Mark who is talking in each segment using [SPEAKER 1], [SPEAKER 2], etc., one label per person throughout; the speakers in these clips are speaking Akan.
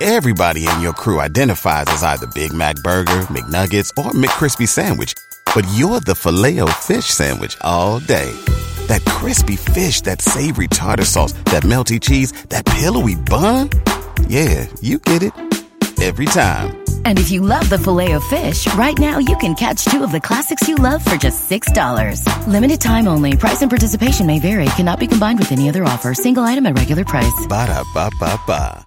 [SPEAKER 1] Everybody in your crew identifies as either Big Mac Burger, McNuggets, or McCrispy Sandwich. But you're the filet fish Sandwich all day. That crispy fish, that savory tartar sauce, that melty cheese, that pillowy bun. Yeah, you get it. Every time.
[SPEAKER 2] And if you love the filet of fish, right now you can catch two of the classics you love for just $6. Limited time only. Price and
[SPEAKER 3] participation may vary. Cannot be combined with any other offer. Single item at regular price.
[SPEAKER 4] Ba-da-ba-ba-ba.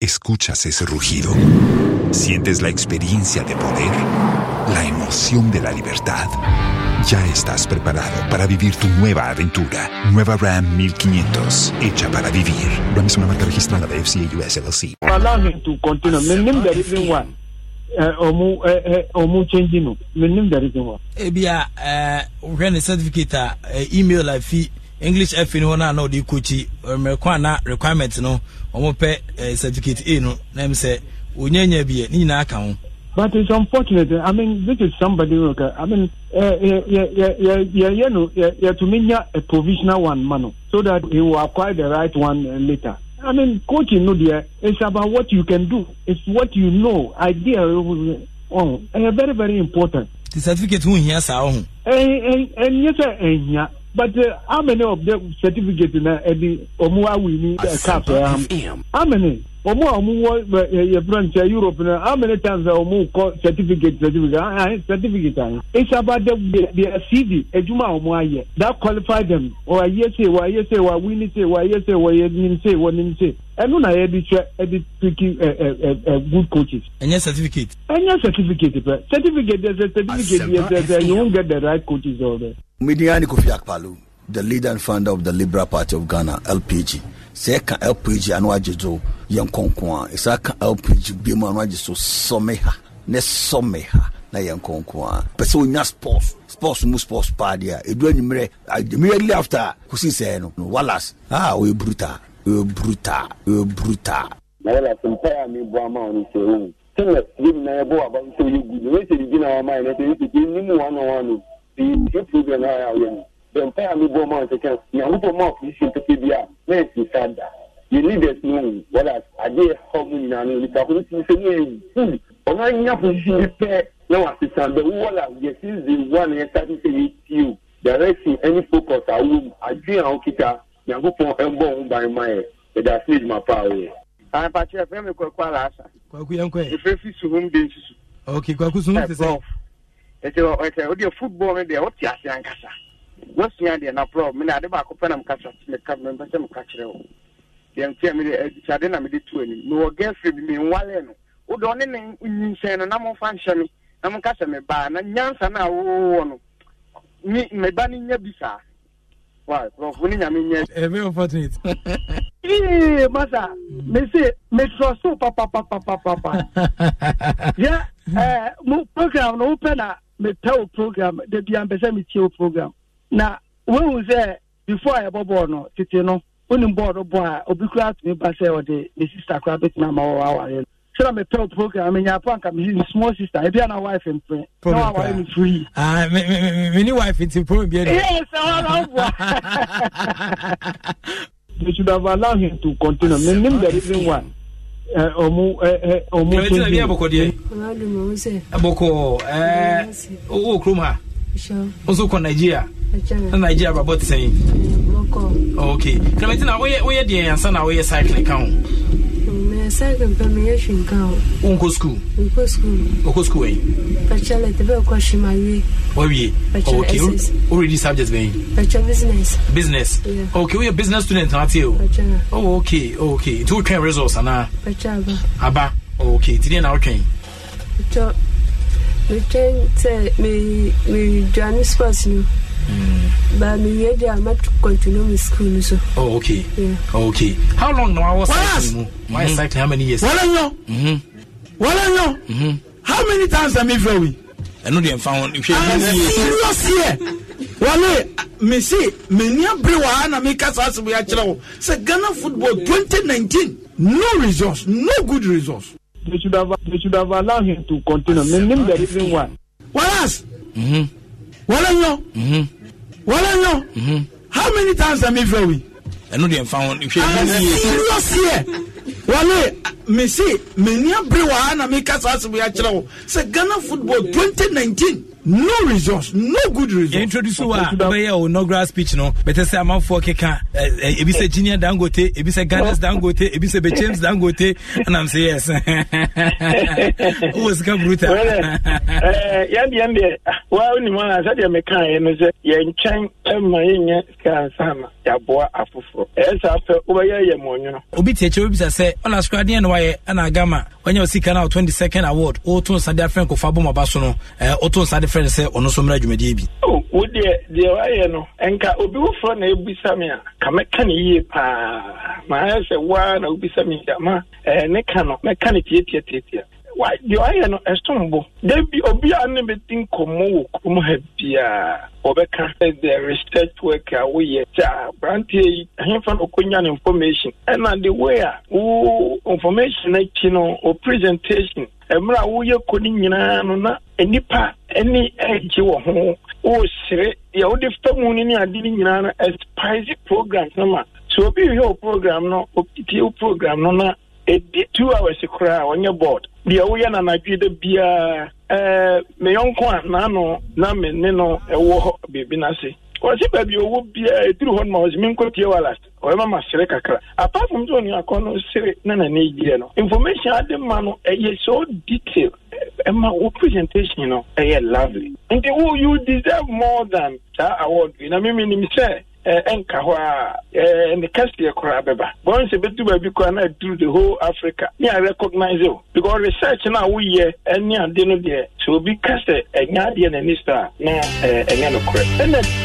[SPEAKER 1] Escuchas ese rugido. Sientes la experiencia de poder, la emoción de la libertad. Ya estás preparado para vivir tu nueva aventura. Nueva Ram 1500, hecha para vivir. Ram es una marca registrada
[SPEAKER 5] de FCA US LLC. ebia wohwɛ ne certificate eh, email eh, me english afi no hɔ no Me na ɔde kɔkyi mmerɛkɔ ana requirement no wɔn pɛ eh, certificate a no na mu sɛ onyanya bi yɛ ne nyinaa ka ho.
[SPEAKER 6] but it's unfortunate i mean this is somebody okay i mean yẹ no yẹ tumi nya a provisional one ma no so that he will acquire the right one uh, later. I mean, coaching, no, dear, it's about what you can do. It's what you know. Idea, eh, oh, uh, very, very important. The certificate, who here, sir? And yes, sir, But uh, how many of the certificates na uh, eh, the Omuawi ni eh, a cap? Um, how many? ọmụ a ọmụ wọ yẹ french europe na eh, how many times a ọmụ kọ certificate certificate ah eh, certificate ah eh. it's about the the the cv edwuma a ọmụ ayẹ that qualify them wọ ayẹ se wọ ayẹ se wọ awini se wọ ayẹ se wọ yẹnim se wọ nim se ẹnu na yẹ di twẹ ẹdi piki ẹ ẹ ẹ good coaches. ẹnyẹ certificate. ẹnyẹ certificate pẹ certificate yẹ sẹ certificate yẹ sẹ sẹ you won get the right coaches ọrẹ. mi ni a ni kofi akpalo
[SPEAKER 1] the leader and founder of the Liberal Party of Ghana, LPG. Sɛ ɛka LPG ano agye so yɛn kɔnkɔn a, sɛ ɛka LPG bi mu ano agye so sɔmi ha ne sɔmi ha na yɛn kɔnkɔn a. Pɛ sɛ onya sports sports mu sports paadi a, edu enyimrɛ immediately after kusi sɛ no Wallace a o ye bruta o ye bruta o ye
[SPEAKER 6] bruta. Na Wallace mpɛ a mi bɔ a ma o ni se o. Oh, sɛ na ebi na yɛ bɔ a ba n sɛ o ye gudu, o ye sɛ ibi na wa ma yɛ n'o tɛ o ye sɛ program na yɛ awo yɛ no bɛnpa a mebɔ ma nkeka nyankopɔn ma ɔfisi mpɛpɛ bi a na ɛsi sa e hmm, da yɛ leaders no mu wɔda adeɛ hɔ mu nyinaa no nipa ko nsi sɛ ne yɛ ful ɔno anya position bi pɛ na wasesa bɛ wɔda yɛ season one yɛ sati sɛ yɛ tio direction any focus a wɔm mu adwene a wɔkita nyankopɔn ɛmbɔ ho ban ma yɛ ɛda ase edwuma paa wɔyɛ. apakyɛ fɛn mi e kwaku alaasa. kwaku yɛn kɔ yɛ. efe fi suhun bi nsusu.
[SPEAKER 5] ok kwaku suhun ti sɛ.
[SPEAKER 6] ɛtɛ ɔtɛ o e deɛ football mi deɛ o ti ase ankasa wɔsua deɛ naporɔ mene ade baako pɛ na mempɛ sɛ meka kyerɛ wo deɛ mfia mede agyitade eh, na mede to anim mewɔ gɛfrɛ bi menwale no wode ɔne ne nyinsɛn no na momfa nhyɛ me na monka sɛ mebaa na nyansa no a wowɔ no meba no nya bi saa kurɔfo ne nyame nyɛ mese metrɔ so papapapapapa yɛ eh, mo program no wopɛ na mepɛ wo program da bia mpɛ sɛ metie wo program na wohu sɛ before a yɛbɔ bɔɔl no tete no wonim bɔɔl bɔ a obi kura atumi ba sɛ ɔde ne sista kora bɛtumi ama wɔwɔ aware no sɛna mepɛ program menya po anka mehene small sister ebia na wife mpɛ na waware no free ah, mene wife nti problem biɛ They should have allowed him to continue. I mean, the reason why. ọmụ ọmụ. Kẹ̀mẹ́tì náà bí ẹ̀bùkọ̀ díẹ̀.
[SPEAKER 5] Ẹ̀bùkọ̀ ẹ̀ẹ́ owó kurom ha nso kɔ nigeria na nigeria babɔ te sɛn ok kramati na woyɛ deɛ ansa na woyɛ cycling ka ho wonkɔ skul wokɔ skul ɛi wawie ok woredi subject bɛn business ok woyɛ business student na ate o oh, ok ok nti wotwɛn results anaa aba ok nti deɛ na wotwɛn
[SPEAKER 2] retrain sɛ medwane sports no hmm. ba mewie deɛ a continue me school no so
[SPEAKER 5] oh, oh,
[SPEAKER 2] how long na wawɔ
[SPEAKER 5] cycling hmm. how many years mm-hmm. mm-hmm. how many times am ifra wi ɛno deɛ mfa ho serious yɛ wɔle mese
[SPEAKER 6] mani abere wɔ ha na meka saa asɛm yɛ akyerɛ wo sɛ ghana football 2019 no resource no good resource they should have they should have allowed him to continue. I mean, name the reason why. Wallace. Mm-hmm. Wallace. Mm-hmm. Wallace.
[SPEAKER 5] Mm-hmm. How many times am I very? ɛno deɛ found. I'm serious here. wɔle Me see? Me wɔ ha na meka saa asɛm yɛ akyerɛ wo sɛ ghana football 2019 no results no good results. yẹn introduce wa bẹyẹ o grass pitch, no bẹtẹ sẹ amanfo keka eh, eh, ebi sẹ junior dangote ebi sẹ ganes dangote ebi sẹ bechems dangote ẹnna mi
[SPEAKER 7] sẹ yes o wọ sika buruta. yẹn bìyẹn bìyẹn wa ó ní mu àwọn asẹ́díẹ̀ mi kàn yẹn ní sẹ yẹn nkyẹn ẹ ma yẹn nyẹ sika ansana yaboa afoforọ ẹ sá fẹ ó bẹ yẹ mọ ọnyọrọ.
[SPEAKER 5] obi tiẹ̀ kyẹ́ obi sẹ́ sẹ́ ọ̀là sukuu adiẹ́ ni wáyẹ ẹ̀ na agama wanya osika na twenty second award woto nsa de afrɛ nkɔfa bɔ maba so no woto eh, nsa de frɛ no sɛ ɔno nso mmra adwumadie bi
[SPEAKER 7] oh, wo deɛ deɛ wayɛ no ɛnka obi woforɔ na ɛbisa me a ka mɛka ne yie paa maayɛ sɛ woa na wobisa me ama eh, ne ka no mɛka no tiatiatiatia deɛ ɔyɛ no ɛsom bo da bi obiaa ne bɛdi nkɔmmɔ wɔ kurom ha biaa wɔbɛka the research work a woyɛ sɛ aberanteɛ yi ahemfa na ɔkɔnya no information ɛna the way a wo information no akyi no o presentation e mmerɛ a woyɛ kɔ no nyinaa no na nnipa e ne agye wɔ ho wosere deɛ wode fa mu no ne ade no nyinaa no e aspise programs no ma sɛ obi hwɛ wo program no obi tie wo program no na ɛdi two hours koraa ɔnyɛ board deɛ woyɛ no anadwe da biara eh, me yɔnko a n'ano na me ne no ɛwɔ hɔ beebi n'ase wɔsi baabi owó biara eduru hɔ noma wɔsi mi tie wa ɔyɛma ma sere kakra apart sɛ onua no sere na na ne no information ade ma no ɛyɛ so detail ɛma wo presentation no ɛyɛ lovely nti wo you deserve more than saa award yi na mímí sɛ ɛnka eh, hɔ a eh, ne koraa bɛba bɔn sɛ bɛdu baabi koraa na aduru the whole africa ne a recognize o because research eh, no a woyɛ ɛne ade no deɛ sɛ obi ka sɛ ɛnya adeɛ n'ani saa na ɛnyɛ nokorɛ ɛnɛ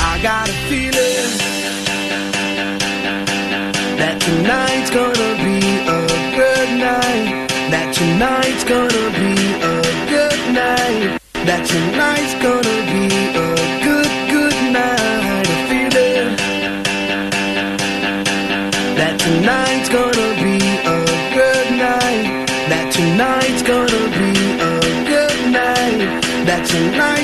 [SPEAKER 2] I got a feeling that tonight's gonna be a good night. That tonight's gonna be a good night. That tonight's gonna be a good, good night. I feel it. That tonight's gonna be a good night. That tonight's gonna be a good night. That tonight.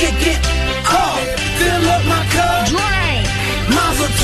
[SPEAKER 2] kick it.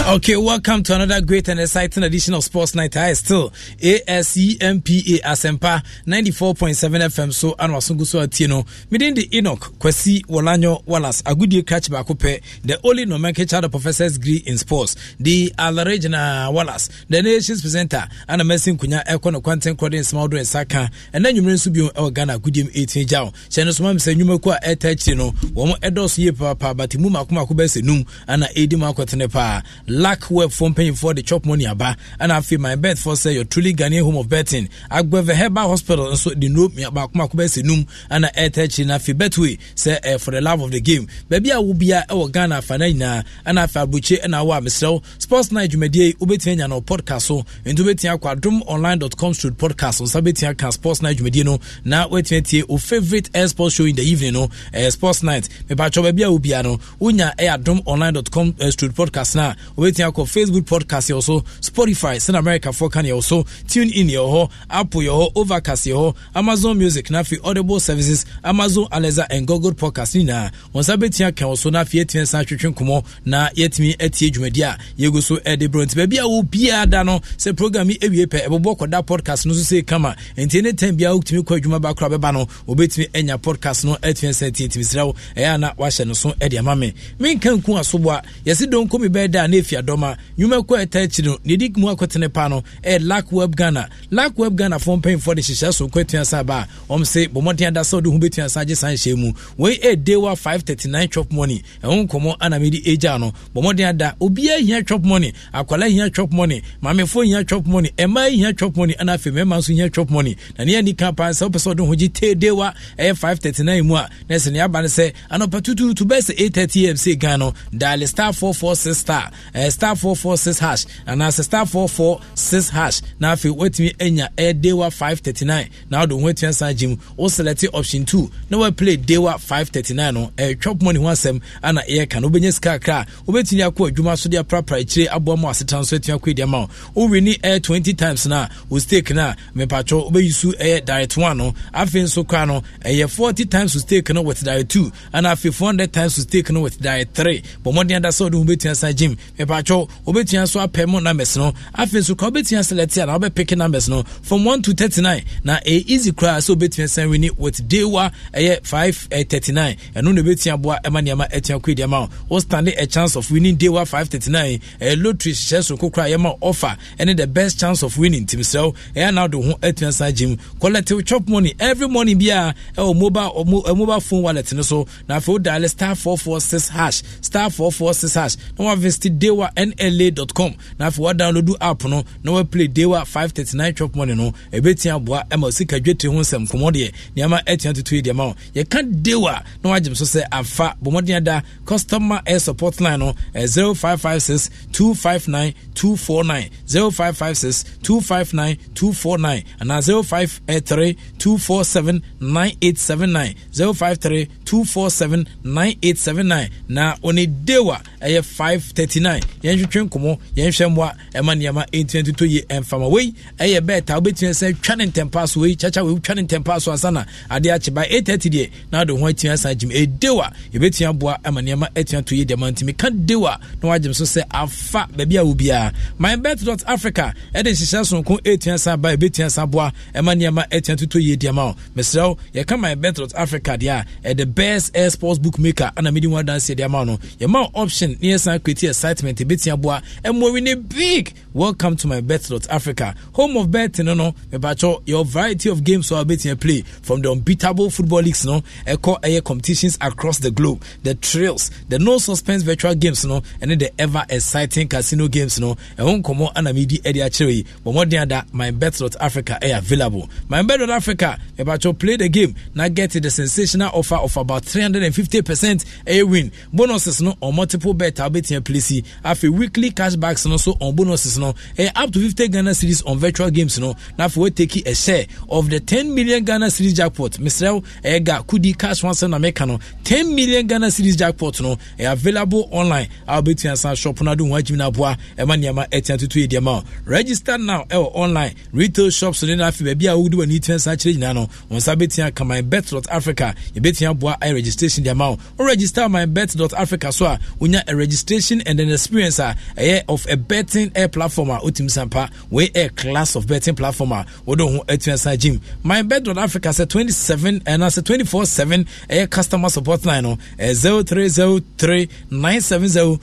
[SPEAKER 5] Okay, welcome to another great and exciting edition of Sports Night. I still e ASEMPA Asempa 94.7 FM. So, Anwa Sunguso Atieno, Midin the Enoch, Kwesi Wolanyo Wallace, Agudie Catch Bakupe, the only nomenclature the professor's degree in sports, the Alarejina Wallace, the nation's presenter, and a messing Kunya Ekono Quantum Cordin Smaldo and Saka, and then you mean Subio El Ghana, Gudim 18 Jao, Chenos Mam Senumaqua Etachino, Womo Edos Yepa, but Muma Kumakubes Num, and Edimakwatenepa lack web phone paying for the chop money aba I feel my bet for say your truly Ghanaian home of betting I go agbɛvɛ herbal hospital and nso de no baako baako bɛsɛ num ɛna ɛɛtɛ akyi na afei betway say eh, for the love of the game Baby, baabi eh, oh, eh. a wobia ɛwɔ Ghana afa na nyinaa ɛna afei abokye ɛna awɔ amesrɛw sports night dwumadie wobɛtumi anya no podcast so nti wobɛtumi akɔ adomonline.com street podcast nsa bɛtumi aka sports night you dwumadie oh. oh. no now wobɛtumi atie o favourite air sports show in the evening no ɛɛ sports night Me mepatwɔ baabi a wobia no wonya ɛyɛ adomonline.com street podcast now wobɛtumi akɔ facebook podcast yɛwɔ so spotify sɛn americafoɔ ka ne yɛwɔ so tune in yɛwɔ hɔ apple yɛwɔ hɔ overcast yɛwɔ hɔ amazon music na afei audible services amazon alexa and google podcast ne nyinaa wɔn nsa bɛtumi aka wɔ so na afei yɛtumi san twetwe nkɔmmɔ na yɛtumi atie dwumadi a yɛgu so ɛde berɛ nti baabi a wobiaa da no sɛ program yi awie pɛ ɛbɛbɔ kɔda podcast no so sei kama enti ne tam biaa wotumi kɔ adwuma ba kora bɛba no wobɛtumi anya podcast no atumi sɛ ntintimisirɛ wo ɛyɛ a na wahyɛ no so ɛde ama me menka nku asoboa yɛse dɔnkɔ me bɛɛ da awurade fiadɔm a nnwuma kɔ ɛta akyi no ne ɛdi mu akɔtene pa no ɛ lack web ghana lack web ghana fo mpanyimfoɔ de hyehyɛ so nkɔ atua sa ba a ɔm se bɔmmɔden ada sɛ wode ho bɛtua sa agye saa nhyɛ mu wei ɛde wa 539 chop money ɛho nkɔmmɔ anamede agya no bɔmmɔden ada obiaa hia chop money akwala hia chop money mamefoɔ hia chop money ɛma hia chop money ana afei mmarima nso hia chop money na ne ani ka paa sɛ wopɛ sɛ wode ho gye te dewa wa ɛyɛ 539 mu a na ɛsɛ ne aba no sɛ anɔpa tututu bɛɛ sɛ 830 am sɛ ghana no dial star 446 star eh, star four four six hash anaasɛ star four four six hash na afei watumi anya eh, eh, dewa five thirty nine na ɔde wɔn atumi asan gye mu woselɛte option two na waplay dewa five thirty nine no ɛtwa poma ne ho asɛm ana ɛyɛ ka no wobɛnya sika kakra wobɛtumi akɔ adwuma so de aprapra akyire aboa ma asetena nso atumi akɔ adi ama wo wowi ni ɛyɛ twenty times no a wo stake no a mepatwɔ wobɛyi so ɛyɛ eh, direct one no afei nso kora no ɛyɛ eh, forty times wo stake no with direct two ana afei four hundred times wo stake no with direct three bɔmmɔden ada sɛ wode ho bɛtumi asan gye mepatwɔ wobɛtua so apɛ mu numbers no afei nso ka wobɛtua select a na pick numbers no from one to thirty-nine. 39 na ɛyɛ easy koraa sɛ wobɛtua san wini with dewa ɛyɛ 5 39 ɛno na ɛbɛtua boa ɛma nneɛma atua kɔ adiama o wo stande a chance of winning five thirty-nine? ɛyɛ lottery hyehyɛ so kokora yɛma offer ɛne the best chance of winning tim sɛ ɛyɛ na wode ho atua san gyem collective chop money every morning biaa ɛwɔ mobile mobile phone wallet no so na afei wo diale star six hash star four four six hash na wavisit dewa nla.com na afei wadownload app no na waplay dewa 539 twelve morning no ɛbɛtia aboa ma sika dwetire ho nsɛm nkɔmmɔ deɛ nneɛma atua toto yi deɛ ma wo yɛka dewa na wagyem so sɛ afa bɔmmɔden ada customer air support line no 0556 259 249 0556 259 249 anaa 053 247 9879 053 247 9879 na ɔne dewa ɛyɛ 539 line yɛnhwetwe nkɔmmɔ yɛnhwɛ mmoa ɛma nneɛma ɛntina toto yie ɛmfama wei ɛyɛ bɛɛta wobɛtumi sɛ twa ne ntɛmpaa wei kyakya wei twa ne ntɛmpaa so na adeɛ akye bae 830 deɛ na wode ho atumi asan agyim ɛdew a yɛbɛtumi aboa ama nneɛma atumi ato yie deɛ ma ntimi ka dew na wagyem so sɛ afa baabi a wo biara mybet dot africa ɛde nhyehyɛ sononko ɛtumi asan ba yɛbɛtumi asan boa ɛma nneɛma atumi toto yie deɛ ma wo mesrɛ wo yɛka mybet dot africa deɛ a ɛde best air sports bookmaker ana medi ho adanseɛ deɛ ma no yɛma option ne yɛsan kwati excitement investment ɛbɛtumi aboa ɛmmɔwi ne big welcome to my bet africa home of betting no no, mepakyɛ your variety of games a wobɛtumi play from the unbeatable football leagues no ɛkɔ ɛyɛ competitions across the globe the trails the no suspense virtual games no ɛne the ever exciting casino games no ɛho nkɔmmɔ anamedi ɛde akyerɛ yi bɔ mmɔden ada my bet africa ɛyɛ available my bet dot africa mepakyɛ play the game na get the sensational offer of about 350 percent ɛyɛ win bonuses no on multiple bet a wobɛtumi play si afei weekly cashbacks no so on bonuses no ɛyɛ up to fifty ghana series on virtual games no na afei wɔataki a share of the ten million ghana series jackpot mesrɛ ɛyɛ ga kudi cash one sɛ na meka no 10 million ghana series jackpot no ɛyɛ e available online a wobɛtumi asan shop no ade ho agyimi no aboa ɛma nneɛma ɛtea toto yɛ deɛma o register now ɛwɔ e, online retail shops ne no afei baabi a wode w'ani tua saa kyerɛ nyinaa no wo nsa bɛtua ka my bet dot africa yɛbɛtua boa ayɛ registration deɛma o wo register my bet dot africa so a uh, wonya a registration and then a experience a ɛyɛ of a betting air platform a wotumi sampa wei air class of betting platform a wode ho atumi san gym my bet on africa sɛ 27 ɛna a 24 7 ɛyɛ customer support line no ɛ 0303 970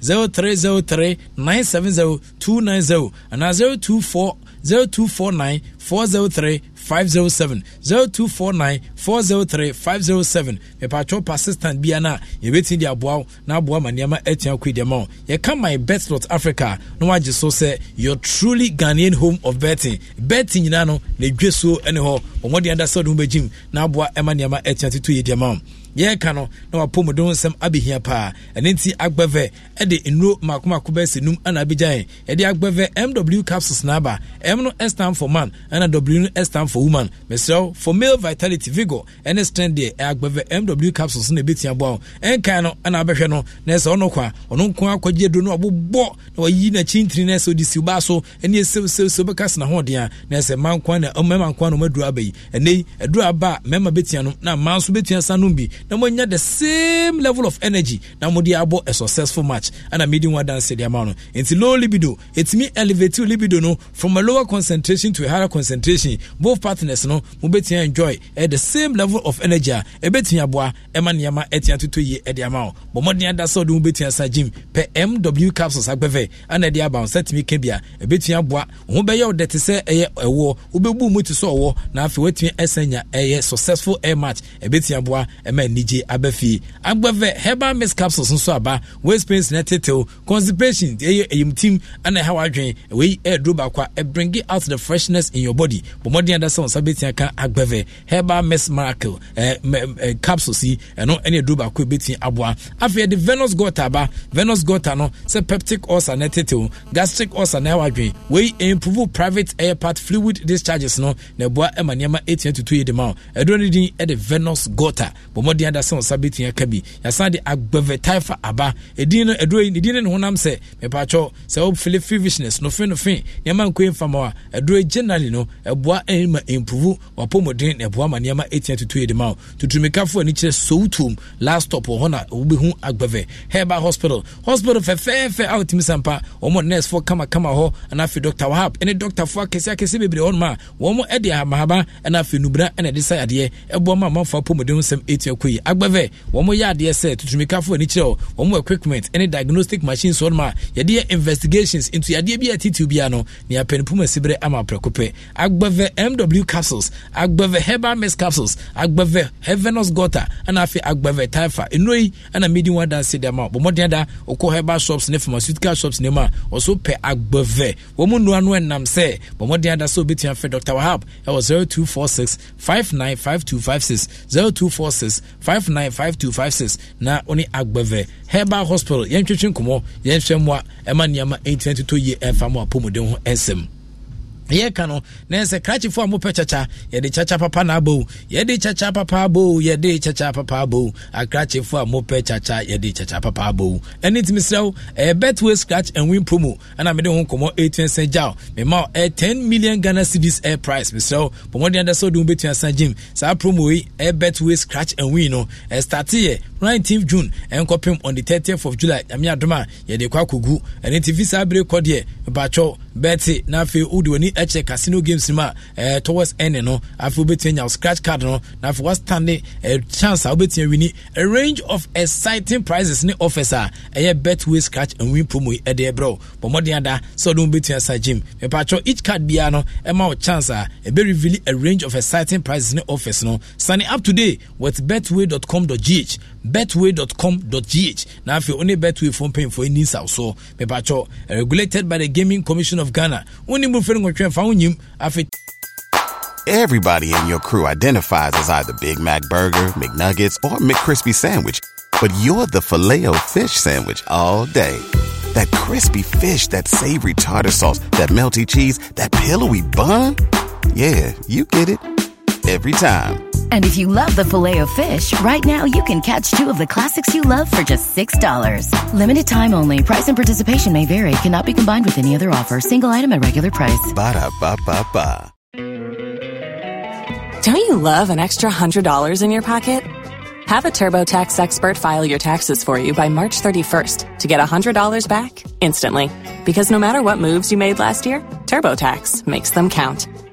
[SPEAKER 5] 0303 970 290 anaa 024 0249 507 0249 403 507 mepatwɛ persistant bia no a yɛbɛtumi de aboa wo na aboa ma nneɛma atua kɔ deɛ ma wo yɛka my bet slot africa na woagye so sɛ your truly Ghanian home of betting betting nyinaa no na ɛdwe suo ne hɔ ɔmmɔden ada sɛ wode ho bɛgyim na aboa ɛma nneɛma atua tito yɛ ma wo yɛreka no na wapɔ mu don nsɛm abɛhia paa ɛno nti agbɛvɛ ɛde nnuro maakomako bɛsɛ num ana abɛgyae yɛde agbɛvɛ mw capsules na aba m no stand for man ɛna w no stand for woman mesrɛ for male vitality vigor ɛne strength deɛ agbɛvɛ mw capsules na ɛbɛtua boa wo ɛnkan no ɛna abɛhwɛ no na ɛsɛ ɔno kɔ a ɔno nko akɔgye duro no abobɔ na wayi n'akyintiri na ɛsɛ ɔde siw baa so ɛne ɛsɛwsɛwsɛ wobɛka sena hoɔden a na ɛsɛ ma nkoa na mɛma nkoa no maduro aba yi ɛnɛ yi aduro aba a mɛma bɛtua no na ma nso bɛtua sa nom bi na moanya the same level of energy na mode abɔ a successful match ana medi ho adanse de ama no enti low libido ɛtumi elevate libido no from a lower concentration to a higher concentration both partners no mobɛtumi enjoy at the same level of energy a ɛbɛtumi aboa ɛma nneɛma ɛtia toto yie ɛde ama wo bɔ mmɔden ada sɛ wode mobɛtumi asa gym pɛ mw capsules agbɛfɛ ana ɛde aba wo sɛ tumi ka bia ɛbɛtumi aboa wo ho bɛyɛ wo te sɛ ɛyɛ ɛwoɔ wobɛbu mu te sɛ ɔwɔ na afei woatumi ɛsɛ nya ɛyɛ successful air match ɛbɛtumi aboa ɛma anigye aba fie agbɛfɛ herbal mix capsules nso aba waist pains na tetew constipation ɛyɛ ɛyimtim ɛna ɛha wadwen wei ɛɛduro baako a ɛbringi out the freshness in your body bɔmmɔden adasa wɔn nsa bɛtia ka agbɛfɛ herbal mix miracle ɛɛ mɛ capsules yi ɛno ɛna ɛduro baako ebɛtia aboa afei yɛde venous gutter aba venous gutter no sɛ peptic ulcer na tetew gastric ulcer na ɛha wadwen wei improve private ɛyɛ part fluid discharges no na ɛboa ɛma nneɛma etia tutu yi de ma ɛduro no venous gutter bɔmmɔden hia da sɛ ɔsa bɛtumi aka bi yɛsan de agbɛvɛtae fa aba ɛdin no ɛduro yi ne din no ne honam sɛ mepatwɔ sɛ wofele fivishness nofe nofe nneɛma nkɔi mfama a ɛduro generally no ɛboa ma improve wapɔmmɔden na ɛboa ma nneɛma ɛtia tutu yɛ de ma wo tutumikafoɔ ani kyerɛ sowtom last stop wɔ hɔ na wobɛhu agbɛvɛ herba hospital hospital fɛfɛɛfɛ a wotumi sampa wɔn nursefoɔ kamakama hɔ ɛna afei dr wahab ɛne doctorfoɔ akɛseakɛse bebree hɔnom a wɔn de ahamahama ɛna afei nubra ɛna ɛde sa yadeɛ ɛboa ma amanfoɔ apɔmmɔden nsɛm ɛtia kɔyi yi agbɛvɛ wɔn yɛ adeɛ sɛ tutumikafo ani kyerɛ wɔn equipment ne diagnostic machines wɔn ma yɛde yɛ investigations into yadeɛ bi a titiw bia no nea pɛnpum asibire ama prɛko pɛ agbɛvɛ mw capsules agbɛvɛ herbal mist capsules agbɛvɛ heavenous gutter ɛna afei agbɛvɛ taifa nnuro yi ɛna medi wɔn adansi dɛm a wɔn mɔden da okɔ herbal shops ne pharmaceutical shops ne mu a wɔso pɛ agbɛvɛ wɔn nnua no ɛnam sɛ wɔn mɔden da sɛ obetumi afɛ dr wahab ɛwɔ zero two four six five nine five two five six zero two four six. 595256 na wo ne agbɛvɛ herbal hospital yɛntwetwe nkɔmmɔ yɛnhwɛ mmoa ɛma nneɛma ɛntina totɔ yie ɛmfa e mo apɔmuden ho ɛnsɛm yɛka no na sɛ krakyefoɔ a mopɛ kyakya yɛde kyakya papa na abɔo yɛde kyakya papa abɔo yɛde kyakya papa abɔo akrakyefoɔ a mopɛ kyakya yɛde kyakya papa abɔo ɛne ntimi serɛ wo ɛyɛ betway scratch and win promo ɛna mede ho nkɔmmɔ ɛtuasa gya wo mema wo ɛyɛ 10 million ghana cedis air price meserɛ wo bɔmmɔden ada sɛ wode wobɛtua sa gyim saa promo yi ɛyɛ betway scratch and win no ɛstarteyɛ 19 june ɛnkɔpem on the 30th of july nyame adom a yɛde kɔ akɔgu ɛne nti fi saa bere kɔ deɛ mebatwɔ bɛte na afei wode w'ani ɛkyɛ casino games no mu a eh, towards ɛne no afei wobɛtumi anya wo scratch card no na afei woastande eh, chance a wobɛtumi awini a range of exciting prizes ne offers a ɛyɛ eh, betway scratch and win promo yi ɛde ɛbrɛ wo bɔ mmɔden ada sɛ wode wobɛtumi asa gym mepatwɔ each card biara no ɛma wo chance a ɛbɛ reveal a range of exciting prizes ne offers no sane up today with betway.com.gh betway.com.gh. Now, if you only betway phone paying for any South, so Mepacho, regulated by the Gaming Commission of Ghana. Only move
[SPEAKER 1] Everybody in your crew identifies as either Big Mac Burger, McNuggets, or McCrispy Sandwich, but you're the filet fish Sandwich all day. That crispy fish, that savory tartar sauce, that melty cheese, that pillowy bun. Yeah, you get it every time.
[SPEAKER 2] And if you love the filet of fish, right now you can catch two of the classics you love for just $6. Limited time only. Price and
[SPEAKER 3] participation may vary. Cannot be combined with any other offer. Single item at regular price.
[SPEAKER 4] Ba da ba ba ba.
[SPEAKER 3] Don't you love an extra $100 in your pocket? Have a TurboTax expert file your taxes for you by March 31st to get $100 back instantly. Because no matter what moves you made last year, TurboTax makes them count.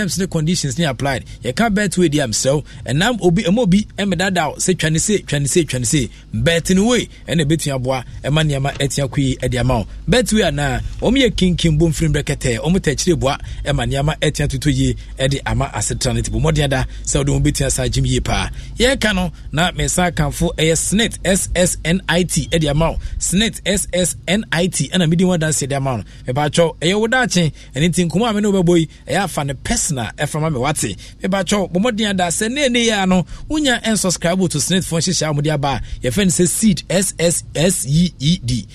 [SPEAKER 5] ɛms ne conditions ne applied yɛka bet wei deɛ amsɛw ɛnam obi ɛma obi mmedadaw sɛ twane se twane se twane se bet no wei ɛna ɛbɛtumi aboa ɛma e nneɛma atia ko yi ɛde ama e wo e bet wei anaa wɔn yɛ kinkin bom firim brɛkɛtɛ wɔn tɛkyerɛ boa ɛma nneɛma atia toto yie ɛde ama asetena ne ti bɔ mmɔden ada sɛ wɔde wɔn bɛtumi asa agyim yie paa yɛka no na mɛsa kanfo ɛyɛ snit ssnit ɛde ama wo snit ssnit ɛna midi wɔn dansi ɛde ama wo mɛpaatwɛw ɛyɛ wo daakye ɛne ti nkɔmɔ a mɛ ne wɔbɛbɔ yi ɛyɛ afa ne pɛs na ɛframa me wate mebakyɛw bɔmmɔden ada sɛ ne ɛne yɛa no wonya ɛnsubscribe to snate fo nhyehyɛ a mode aba a yɛfɛ no sɛ seed sseed seed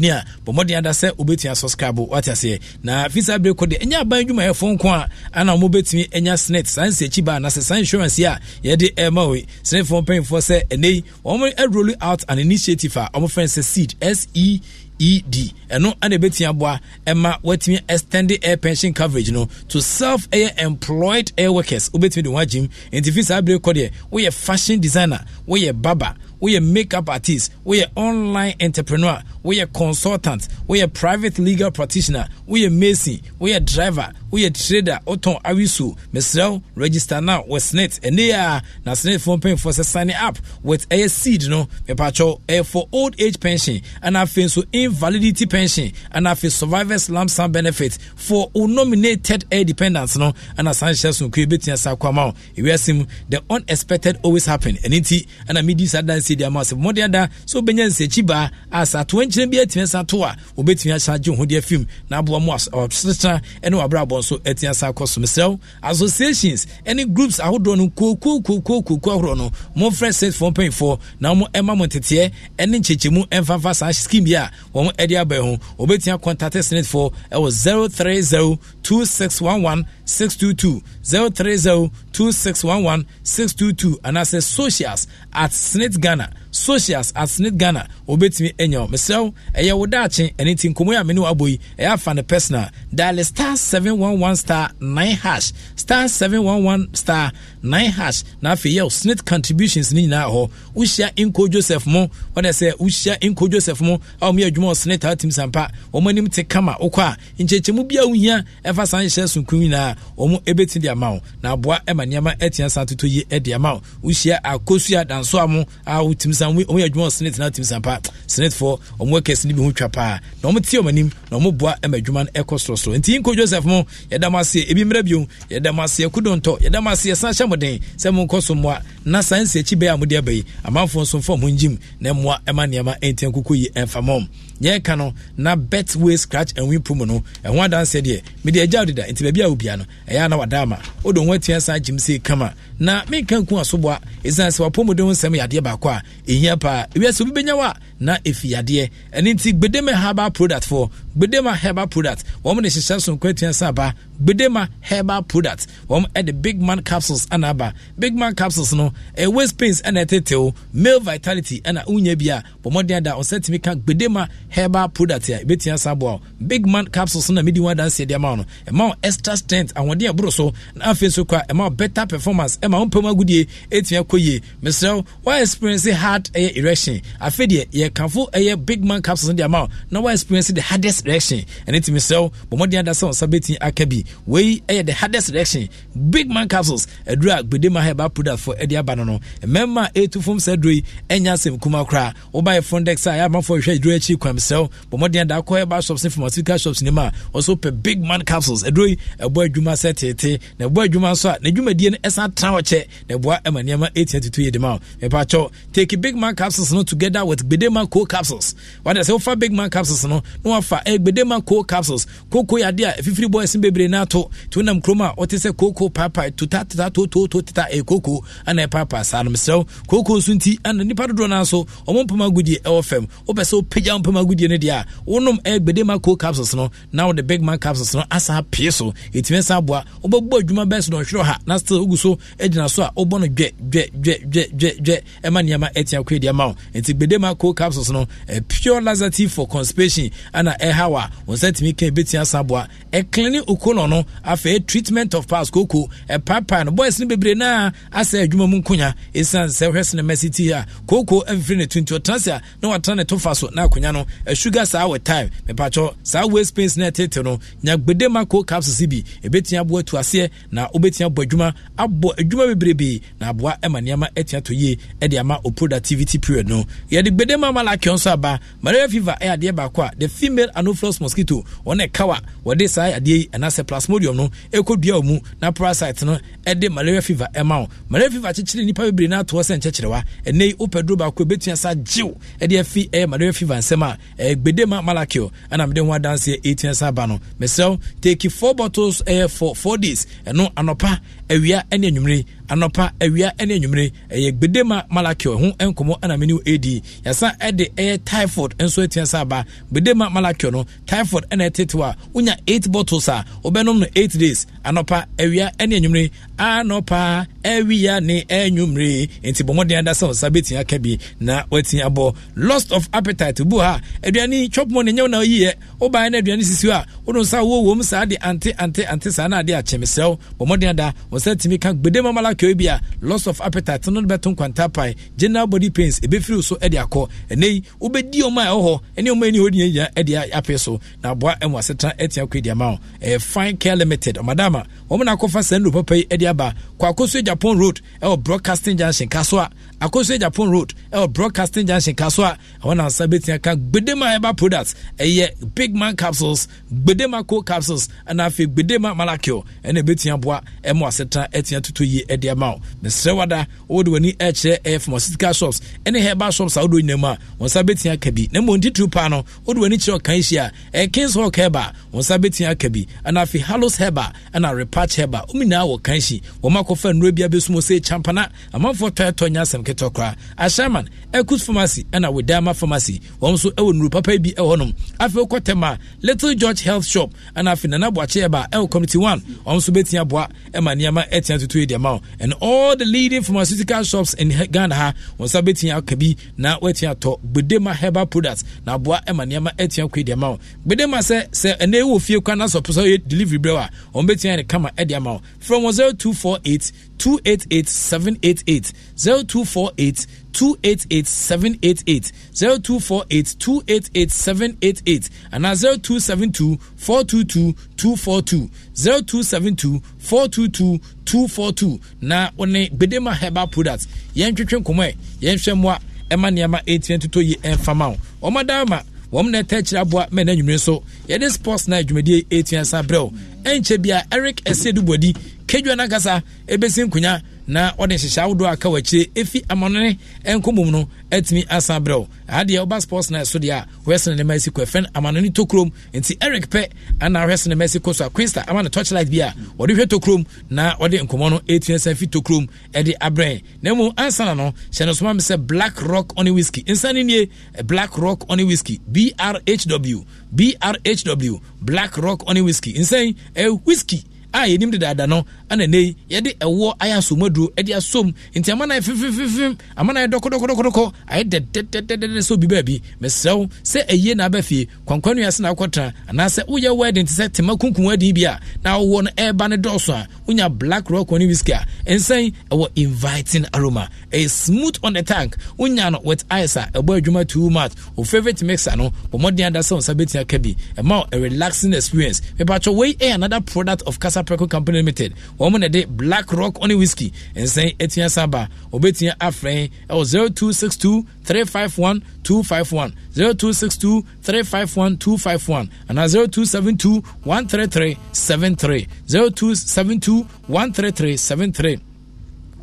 [SPEAKER 5] ne a bɔmmɔden ada sɛ wobɛtumi subscribe wate aseɛ na fisa berɛ kɔ de ɛnyɛ aban adwumayɛfo nko a ana mobɛtumi anya snate saa nsɛkyi baa anasɛ saa insurance a yɛde ɛma wei snate fo mpanyimfoɔ sɛ ɛnɛyi wɔm adrolu out an initiative a ɔmofrɛ sɛ seed seed ed ɛno ana ɛbɛtumi aboa ɛma watumi extend air pension coverage no to self air employed air workers wobɛtumi de ho agyim nti fi saa bere kɔ deɛ woyɛ fashion designer woyɛ barber woyɛ makeup artist woyɛ online entrepreneur woyɛ consultant woyɛ private legal practitioner woyɛ mason woyɛ driver woyɛ trader wotɔn awiso mesrɛ register now wɔ snit ɛne a na snitfoɔ mpanyimfoɔ sɛ sign up with ɛyɛ seed no mepatwɛ ɛyɛ for old age pension ana afei nso invalidity pension ana afei survivors lump sum benefit for nominated air dependents no ana san hyɛ sonkuo bɛtumi asa akɔ ama wo ewiase mu the unexpected always happen ɛno nti ana medi saa dansie de ama wo sɛ mmɔden ada sɛ wobɛnya nsakyi baa asa 20 abɔnten bi atumi sa to a wɔbɛtumi ahyɛ agye ho deɛ fim na aboa mu ɔsesa ne wabrabɔ nso atumi asa akɔ so mesrɛw associations ne groups ahodoɔ no kookookookookooko ahoroɔ no momfrɛ sɛtfoɔ mpanyinfoɔ na wɔn ɛma mo teteɛ ne nkyɛkyɛmu mfafa saa scheme bi a wɔn de aba ho wɔbɛtumi akɔntate senetfoɔ ɛwɔ 030 2611 622 030 2611 622 anaasɛ socials at senet ghana socials asnet ghana wɔbɛtumi anya wo mesrɛ ɛyɛ wo daakye ɛno nti nkɔmmɔ a mene wabɔ yi ɛyɛ afa no personal dial star 711 star 9 hash star 711 star nine hash na afei yɛ snit contributions no nyinaa hɔ wohyia nko joseph mu ɔne sɛ wohyia nko joseph mu a wɔn yɛ adwuma wɔ snit a tim sampa wɔn anim te kama wokɔ a nkyɛnkyɛmu bi wohia ɛfa saa nhyɛ sonkun nyinaa wɔn ɛbɛti de ama wo na aboa ɛma nneɛma ɛtia saa toto yi ɛde ama wo wohyia akosua danso a mo a wotim sam wɔn yɛ adwuma snit na tim sampa snit foɔ wɔn ɛkɛse no bi ho twa paa na wɔn te wɔn anim na wɔn boa ɛma adwuma no ɛkɔ sorosoro nti nko joseph mu yɛda mo aseɛ ebi mmerɛ bio yɛda mo aseɛ kudontɔ yɛda mo aseɛ sanhyɛ mo den sɛ monkɔ so mmoa na saa nsi akyi bɛyɛ a mode aba yi amanfoɔ nso mfa mo ngyim na mmoa ɛma nneɛma ɛntia nkokɔ yi ɛmfa mɔm yɛka no na bet way scratch and win pomu no ɛho adanseɛ deɛ mede agya deda nti baabi a wobia no ɛyɛ ana wada ama wode ho atua saa gyem sei kama na menka nku asoboa ɛsiane sɛ wapɔ mu de ho nsɛm yɛ adeɛ a ɛhia paa ewiasɛ obi bɛnya wo a na ɛfiadeɛ ɛno nti gbedema herbal product foɔ gbedema herbal product wɔn de hyehyɛ sonkoatua sa aba gbedema herbal product wɔn de big man capsules ana aba big man capsules no ɛyɛ waist pains ɛna ɛtetew male vitality ɛna wunya bi a wɔn de ada ɔsɛ tumi ka gbedema herbal product a ebetua sa aboa big man capsules na midi wɔn adansi ɛde ama wɔn ɛma wɔn extra strength ahoɔden ɛboro so na afei nso kora ɛma wɔn better performance ɛma wɔn mpɛm agudie etua kɔ yie mesrɛw wɔn experience hard ɛyɛ erection afei deɛ yɛ yɛkafo ɛyɛ big man capsules de ama na wa experience the hardest reaction ɛne tumi sɛw bɔmmɔden adasa nsa bɛtumi aka bi wei ɛyɛ the hardest reaction big man capsules aduru a gbedema ha ɛba product fo ɛde aba no no mmarima a ɛtu fam saa aduro yi ɛnya asɛm kumaa koraa wobayɛ fondex a yɛamafoɔ hwɛ aduro akyi kwamsɛw bɔmmɔden ada akɔ ɛba shops ne pharmaceutical shops ne mu a ɔso pɛ big man capsules aduro yi ɛbɔ adwuma sɛ tete na ɛbɔ adwuma nso a n'adwumadie no ɛsan tena hɔ kyɛ na ɛboa ɛma nneɛma ɛtia tutu yɛ de ma o mepakyɛw take big man capsules no together with gbedema Mac Co capsules wɔde sɛ wofa Big man capsules no na wafa Egbede Mac Co capsules koko yɛ adeɛ a fifiri bɔ ɛsen bebree na ato to nam kurom a wɔte sɛ koko paapaa tuta tuta tototo teta ɛyɛ koko ana ɛyɛ paapaa saa no mesrɛ koko nso nti ana nipa dodoɔ naa so ɔmo mpoma agudie ɛwɔ fam wopɛ sɛ wopagya mpoma agudie no deɛ a wonom Egbede Mac Co capsules no na wɔde Big man capsules no asa apue so ɛtumi sa aboa wobɛbɔ adwuma bɛs na ɔhwerɛ ha na still wogu so gyina so a wobɔ no dwɛ dwɛ dwɛ dwɛ dwɛ ɛma nneɛma ɛtia kɔ adi ama wo nti Egbede Mac capsules no a eh, pure laxative for constipation ana ɛha wa wɔn nsa tumi kan ebetia saboa ɛklini okolo no afei eh, treatment of pass koko ɛpaapaa eh, no boys ah. ah. no bebree naa asɛ adwuma mu nkonya esan sɛ hwɛ sinima si ti a koko ɛfiri ne tuntum ɔtena se a na watena ne tofa so na akonya no ɛsuga saa wɔ time mipatwɔ saa waist pains na ɛtete no nyagbede ma ko capsules bi ebetia bo tu aseɛ na obetia abɔ adwuma abo adwuma bebrebe na aboa ɛma nneɛma ɛtia to yie ɛde ama o productivity period no yɛde gbede ma malakion nso aba malaria fever ɛyɛ eh, adeɛ baako a the female anopheles mosquito wɔn ɛkawa eh, wɔde saa adeɛ yi anaasɛ plasmodium no ɛkɔdua wɔ mu na parasite no ɛde eh, malaria fever ɛma wo malaria fever akyekyere nipa bebree no atoɔ sɛ nkyɛkyerɛwa ɛnɛ yi wopɛ duro baako ɛbɛtua sa gyew ɛde afi ɛyɛ malaria fever nsɛm a ɛgbede ma malakio oh, ɛna mede ho adanseɛ ɛtua sa aba no mesrɛ take four bottles ɛyɛ for four days ɛno anɔpa awia ne anwummere anɔpa awia ne anwummere ɛyɛ gbedema malaki ho nkɔmmɔ ana mene ɛdi yɛsan ɛde ɛyɛ typhoid nso atua sɛ aba gbedema malaki no typhoid ɛna ɛtetew a wonya 8 bottles a wobɛnom no 8 days anɔpa awia ne anwummere anɔpa awia ne anwummere enti bɔmmɔden ada sɛ wo sa bɛtumi aka bi na woatumi abɔ lost of appetite bu ha aduane chop mɔ ne nyɛ wo na woyiɛ wobaeɛ no aduane sisiw a wode nsa wowɔ saa de ante ante ante saa na ade akyɛmesrɛ bɔmmɔden ada wɔsɛ tumi ka gbede mamala kɛo bi a loss of appetite no bɛto nkwanta pae general body pains ɛbɛfiri so de akɔ ɛnɛyi wobɛdi ɔma a ɛwɔ hɔ ne ɔma ani hɔ nyinaa ɛde apɛ so na aboa ɛmu asetena atia kɔ adi ama wo ɛyɛ fine care limited ɔmadama wɔm na akɔfa saa nnuro papa yi de aba kwako so japan road ɛwɔ broadcasting junction ka so a akoso japan road ɛwɔ eh, broadcasting junction kaso a ɛwɔ eh, nansa bɛtumi ka gbedema ɛba products ɛyɛ eh, big man capsules gbedema co capsules ɛna afei gbedema malakio ɛna ɛbɛtumi aboa ɛmo asetena ɛtumi atutu yie ɛde ama wo mesrɛ wada wɔwɔ de w'ani ɛkyerɛ ɛyɛ pharmaceutical shops ɛne herbal shops a wɔde nyinam a wɔn nsa bɛtumi aka bi na mmom titiri paa no wɔde w'ani kyerɛ ɔkan hyia ɛyɛ kings hawk herbal wɔn nsa bɛtumi aka bi ɛna afei halos herbal ɛna repatch herbal wɔn nyinaa wɔ kan hyi wɔn akɔfa nnuro bi abɛsum sɛ champana amanfoɔ tɔɛtɔ nyɛ nketewa koraa ashaman ecus pharmacy ɛna wedama pharmacy wɔn nso ɛwɔ nuru papa bi ɛwɔ nom afei wokɔ tɛma little george health shop ɛna afei nana boakye ɛba ɛwɔ community one wɔn nso bɛtia boa ɛma nneɛma ɛtia tutu edi ama and all the leading pharmaceutical shops in ghana ha wɔn nsa bɛtia aka bi na wɔatia atɔ gbedema herbal products na aboa ɛma nneɛma ɛtia kɔ edi ama gbedema sɛ sɛ ɛnɛ ɛwɔ fie kwan na sɔpɔsɔ yɛ delivery brɛ wa wɔn bɛtia ne kama ɛdi ama wɔn from one zero two four eight 288 788 0248 288 788 0248 288 788 and 0272 422 242 0272 422 242 na one bedema herbal products yɛn twetwe nkɔmɔ yɛn hwɛ mmoa ɛma nneɛma ɛtia ntutu yi ɛnfama o wɔn adan ma wɔn na ɛtɛ kyerɛ aboa mɛ na nnwumire nso yɛde sports na dwumadie ɛtia san brɛw ɛnkyɛ bia eric ɛsɛ dubɔdi kedwa no ankasa ɛbɛsi nkonya na ɔde nhyehyɛ ahodoɔ aka wakyire ɛfi amanone nkɔmmom no atumi asa berɛ adeɛ woba sports na ɛso deɛ a woyɛ sene nema asi kɔ ɛfɛ no amanone tokurom nti eric pɛ ana woyɛ sene nema asi kɔ so a quinsta ama no torchlight bi a wɔde hwɛ tokurom na wɔde nkɔmmɔ no ɛtumi san fi tokurom ɛde abrɛn na mmom ansa na no hyɛ no soma me sɛ black rock one whisky nsa no nie black rock one whisky brhw brhw black rock one whisky nsɛn ɛyɛ whisky a yɛnim dedaada no ana nɛ yɛde ɛwoɔ ayɛ asomaduro de asom nti amana yɛ fefefefem amana yɛ dɔkɔdɔkɔdɔkɔdɔkɔ ayɛ dɛdɛdɛdɛdɛ sɛ obi baabi mesrɛ wo sɛ ɛyie na aba fie kwankwa nnua se na wokɔtena anaasɛ woyɛ wedding te sɛ tema kunkum wadin bi a na wowɔ no ɛreba ne dɔɔso a wonya black rock ne whisky a ɛnsɛn ɛwɔ inviting aroma ɛyɛ smooth on the tank wonya no with ice a ɛbɔ adwuma to mouth wo favorite mixer no bɔmmɔden ada sɛ wo nsa bɛtumi aka bi ɛma a relaxing experience mepatwɔ wei ɛyɛ another product of kasa sapreco company limited One mu black rock ɔne whisky say Etienne saba obetia afrɛn ɛwɔ zero two six two three five one two five one zero two six two three five one two five one ana zero two seven two one three three seven three zero two seven two one three three seven three.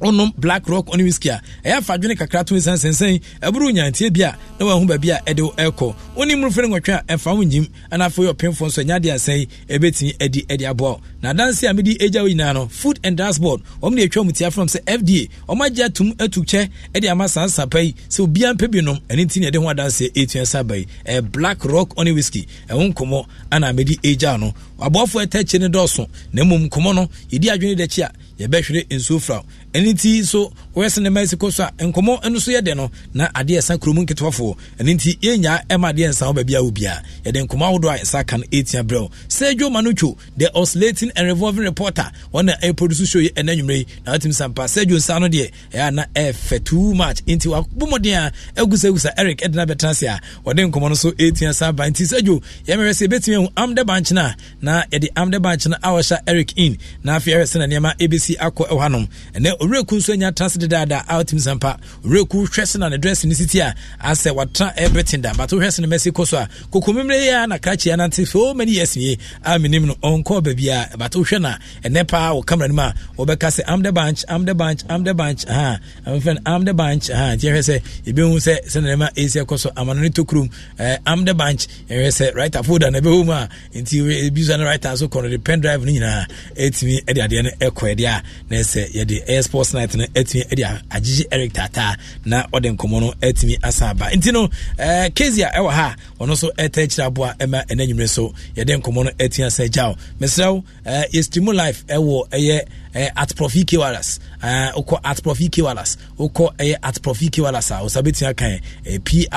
[SPEAKER 5] onom black rock oni whisky a ɛyɛ afa adwene kakra to nsan sɛnsɛn ɛburu nyanteɛ bi a na wɔahu baabi a ɛde wo ɛrekɔ wonim mmerɛfo no nwɔtwe a ɛmfa wo nyim ana afei ɔpemfo nso ɛnya adeɛ asɛn ɛbɛtumi adi ɛde aboa na adanse a mede ɛgya wo nyinaa no food and dance board wɔm de atwa mu tia from sɛ fda ɔma agye atum atu kyɛ ɛde ama saa nsapa yi sɛ obiaa mpɛ bi nom ɛne nti ne ɛde ho adanseɛ ɛtua sa ba yi ɛyɛ black rock oni whisky ɛho nkɔmmɔ ana mede ɛgya no aboafoɔ ɛtɛ kyi ne dɔɔso na mmom nkɔmɔ no yɛdi adwene dɛ kyi a yɛbɛhwere nsuo fra ɛno nti so woyɛ sɛ nema asi kɔ so a nkɔmmɔ no so yɛdɛ no na adeɛ ɛsa kurom nketewafoɔ ɛno nti yɛnyaa ɛma adeɛ nsa wo baabi a wo biaa yɛde nkɔmmɔ ahodoɔ a ɛsa ka no ɛtia berɛ wo sergio manucho the oscillating and revolving reporter wɔna ɛproduce show yi ɛna nwumerɛ yi na watumi sampa sergio nsa no deɛ ɛyɛ na ɛfɛ too much nti wabɔmmɔden a agusagusa eric ɛdena bɛtena se a wɔde nkɔmmɔ no so ɛtia sa ba nti sergio yɛmɛhwɛ sɛ yɛbɛtumi ahu amdɛ bankye no na yɛde amde banch no awɔhyɛ eric in na afei ɛhwɛ na nneɛma ɛbɛsi akɔ ɛwɔ hanom ɛnɛ owuraku nso anya trase dedaada a wotumi sɛ mpa owuraku hwɛ se na ne dress no siti a asɛ watra ɛyɛ da but wohwɛ se no mɛsi kɔ so a kokomimmerɛ yi a na krakye anante so many years nie a menim no ɔnkɔɔ baabi a but wohwɛ na ɛnɛ paa wɔ camera no mu a wɔbɛka sɛ amde banch amde banch amde banch ha amfɛn amde banch ha nti ɛhwɛ sɛ ebihu sɛ sɛ na nneɛma ɛsi ɛkɔ so amano ne tokurom ɛɛ amde banch ɛhwɛ sɛ right afoda na ɛbɛwɔ mu a nti ebi so left and right aso kɔ no de pen drive no nyinaa ɛtumi de adeɛ no ɛkɔ ɛdeɛ a na ɛsɛ yɛde air sports night no ɛtumi de agyegye eric tata na ɔde nkɔmmɔ no ɛtumi asa aba nti no kezi a ɛwɔ ha ɔno nso ɛta akyirɛ aboa ɛma ɛna nwumere so yɛde nkɔmmɔ no ɛtumi asa gyaw mesrɛ wo yɛstimu life ɛwɔ ɛyɛ at profi kewales eh, wokɔ at profi kewales wokɔ ɛyɛ eh, at profi kewales a wosa bɛtumi kan eh, prof eh,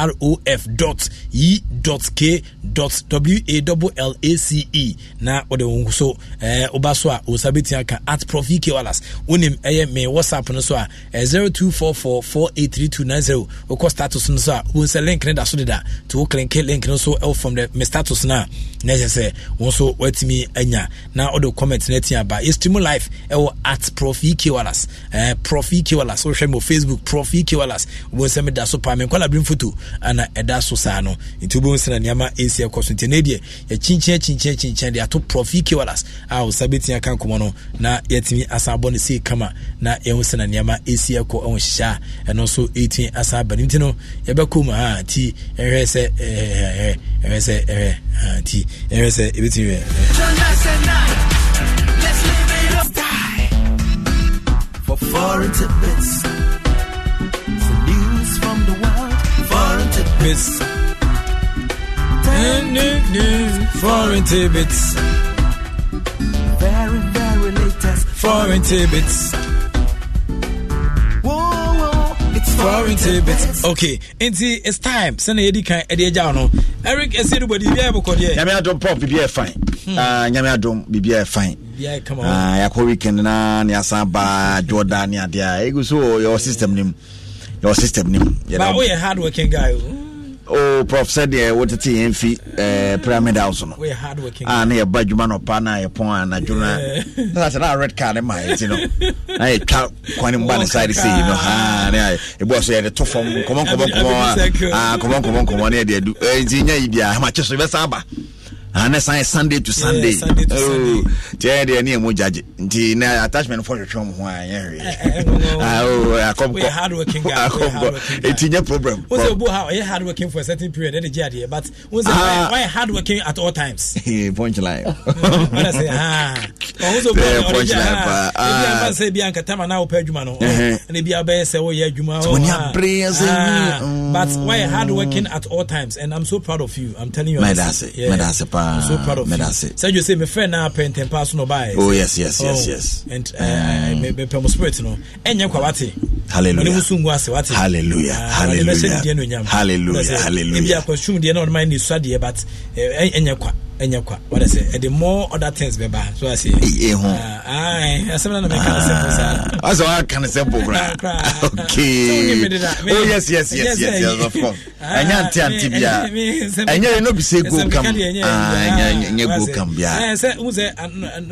[SPEAKER 5] eh, eh, dot e dot k dot w-a-l-l-a-c-e na wɔde wo so eh, woba so a wosa bɛtumi kan at profi kewales wonim ɛyɛ me whatsapp no so a eh, 0244483290 wokɔ status no so a wohu sɛ link ne da so deda nti woklenke link no so ɛwɔ from the me status no a na ɛhyɛ sɛ e wo nso woatumi anya na wode comment no ati aba yɛstimu life ɛwɔ wɔ at profi qls e eh, profi qls e wohwɛ me wɔ facebook profi qls e wobɛhu sɛ meda so paa menkwala bere mfoto ana ɛda so saa no nti wobɛhu sɛ na nneɛma ɛsi ɛkɔ so nti ɛnɛ deɛ yɛkyinkyin akyinkyin akyinkyin de ato profi qls a wo sa bɛtumi aka nkɔmmɔ no na yɛtumi asan bɔ ne sei kama na yɛhu sɛ na nneɛma ɛsi ɛkɔ ɛwɔ hyehyɛ a ɛno nso ɛtumi asan aba no nti no yɛbɛkɔ mu a nti ɛhwɛ sɛ ɛhwɛ sɛ ɛhwɛ nti ɛhwɛ sɛ ɛbɛtumi
[SPEAKER 2] wɛ Foreign tidbits. The news from the world. Foreign tidbits.
[SPEAKER 5] Ten news. Foreign tidbits.
[SPEAKER 6] Very,
[SPEAKER 2] very latest.
[SPEAKER 5] Foreign tidbits. foreign tidbits. Okay, nti it's time. Send Eddie kan Eddie Jao Eric, I see the body. Biya boko diye. Nyame adom pop biya fine. Hmm. Ah, nyame adom
[SPEAKER 1] biya fine. Ah, yɛakɔ weekend na ne asan ba jordan ne adeɛ a ɛgu so yɛwɔ system nim yɛwɔ system nim woyɛ
[SPEAKER 5] hard working guy o
[SPEAKER 1] oh. oh, prof sɛdeɛ wotete yɛn fi eh, pyramid house no a ah, na yɛba adwuma no pa na yɛpɔn anadwo no na sɛ ah, na red car ne maɛ nti no na yɛtwa kwan eh, mu ba ne side sɛ yi no ha ne ɛbua so yɛde to fam nkɔmmɔ nkɔmmɔ nkɔmmɔ a nkɔmmɔ nkɔmmɔ nkɔmmɔ ne yɛde adu nti nya yi bia makye so yɛbɛsan aba ana san sunday to sunday tiɛ deɛ ne yɛ mo jagye nti na attachment fɔ hwehwɛ mo ho a ɛnyɛ hweeakɔbɔ ɛti nyɛ problem wosɛ
[SPEAKER 5] obu ha ɔyɛ hard working for a certain period ɛde gye adeɛ but wosɛ ah. wayɛ hard working at all times punch line punch line paa sɛ bia nka tama na wopɛ adwuma no ɛne eh, eh. eh, bia wobɛyɛ sɛ woyɛ adwuma ah. mm. but why hard working at all times and i'm so proud of you i'm telling you that's it yeah. that's it paa meda ase sɛ dwo sɛ mefrɛ no pɛntɛm paa so no ɔbaɛ oh yes yes yes oh, yes and eh, eh. mepɛ mo spirit no ɛnyɛ eh, kwa wate hallelujah mo so ngu ase hallelujah ah, hallelujah hallelujah hallelujah deɛ na ɔde ne sua deɛ but ɛnyɛ kwa ɛnyɛ kwa wɔde sɛ ɛde more other things bɛba
[SPEAKER 1] so ase ɛyɛ ho
[SPEAKER 5] asɛm na na mɛka no sɛmpo
[SPEAKER 1] saa ɔsɛ woaka no sɛmpo kora
[SPEAKER 2] okay
[SPEAKER 5] oh yes yes yes yes yes of course
[SPEAKER 1] ɛnyɛ ante ante bia
[SPEAKER 5] ɛnyɛ no bi sɛ go kam ɛnyɛ ɛnyɛ go kam bia sɛ wo sɛ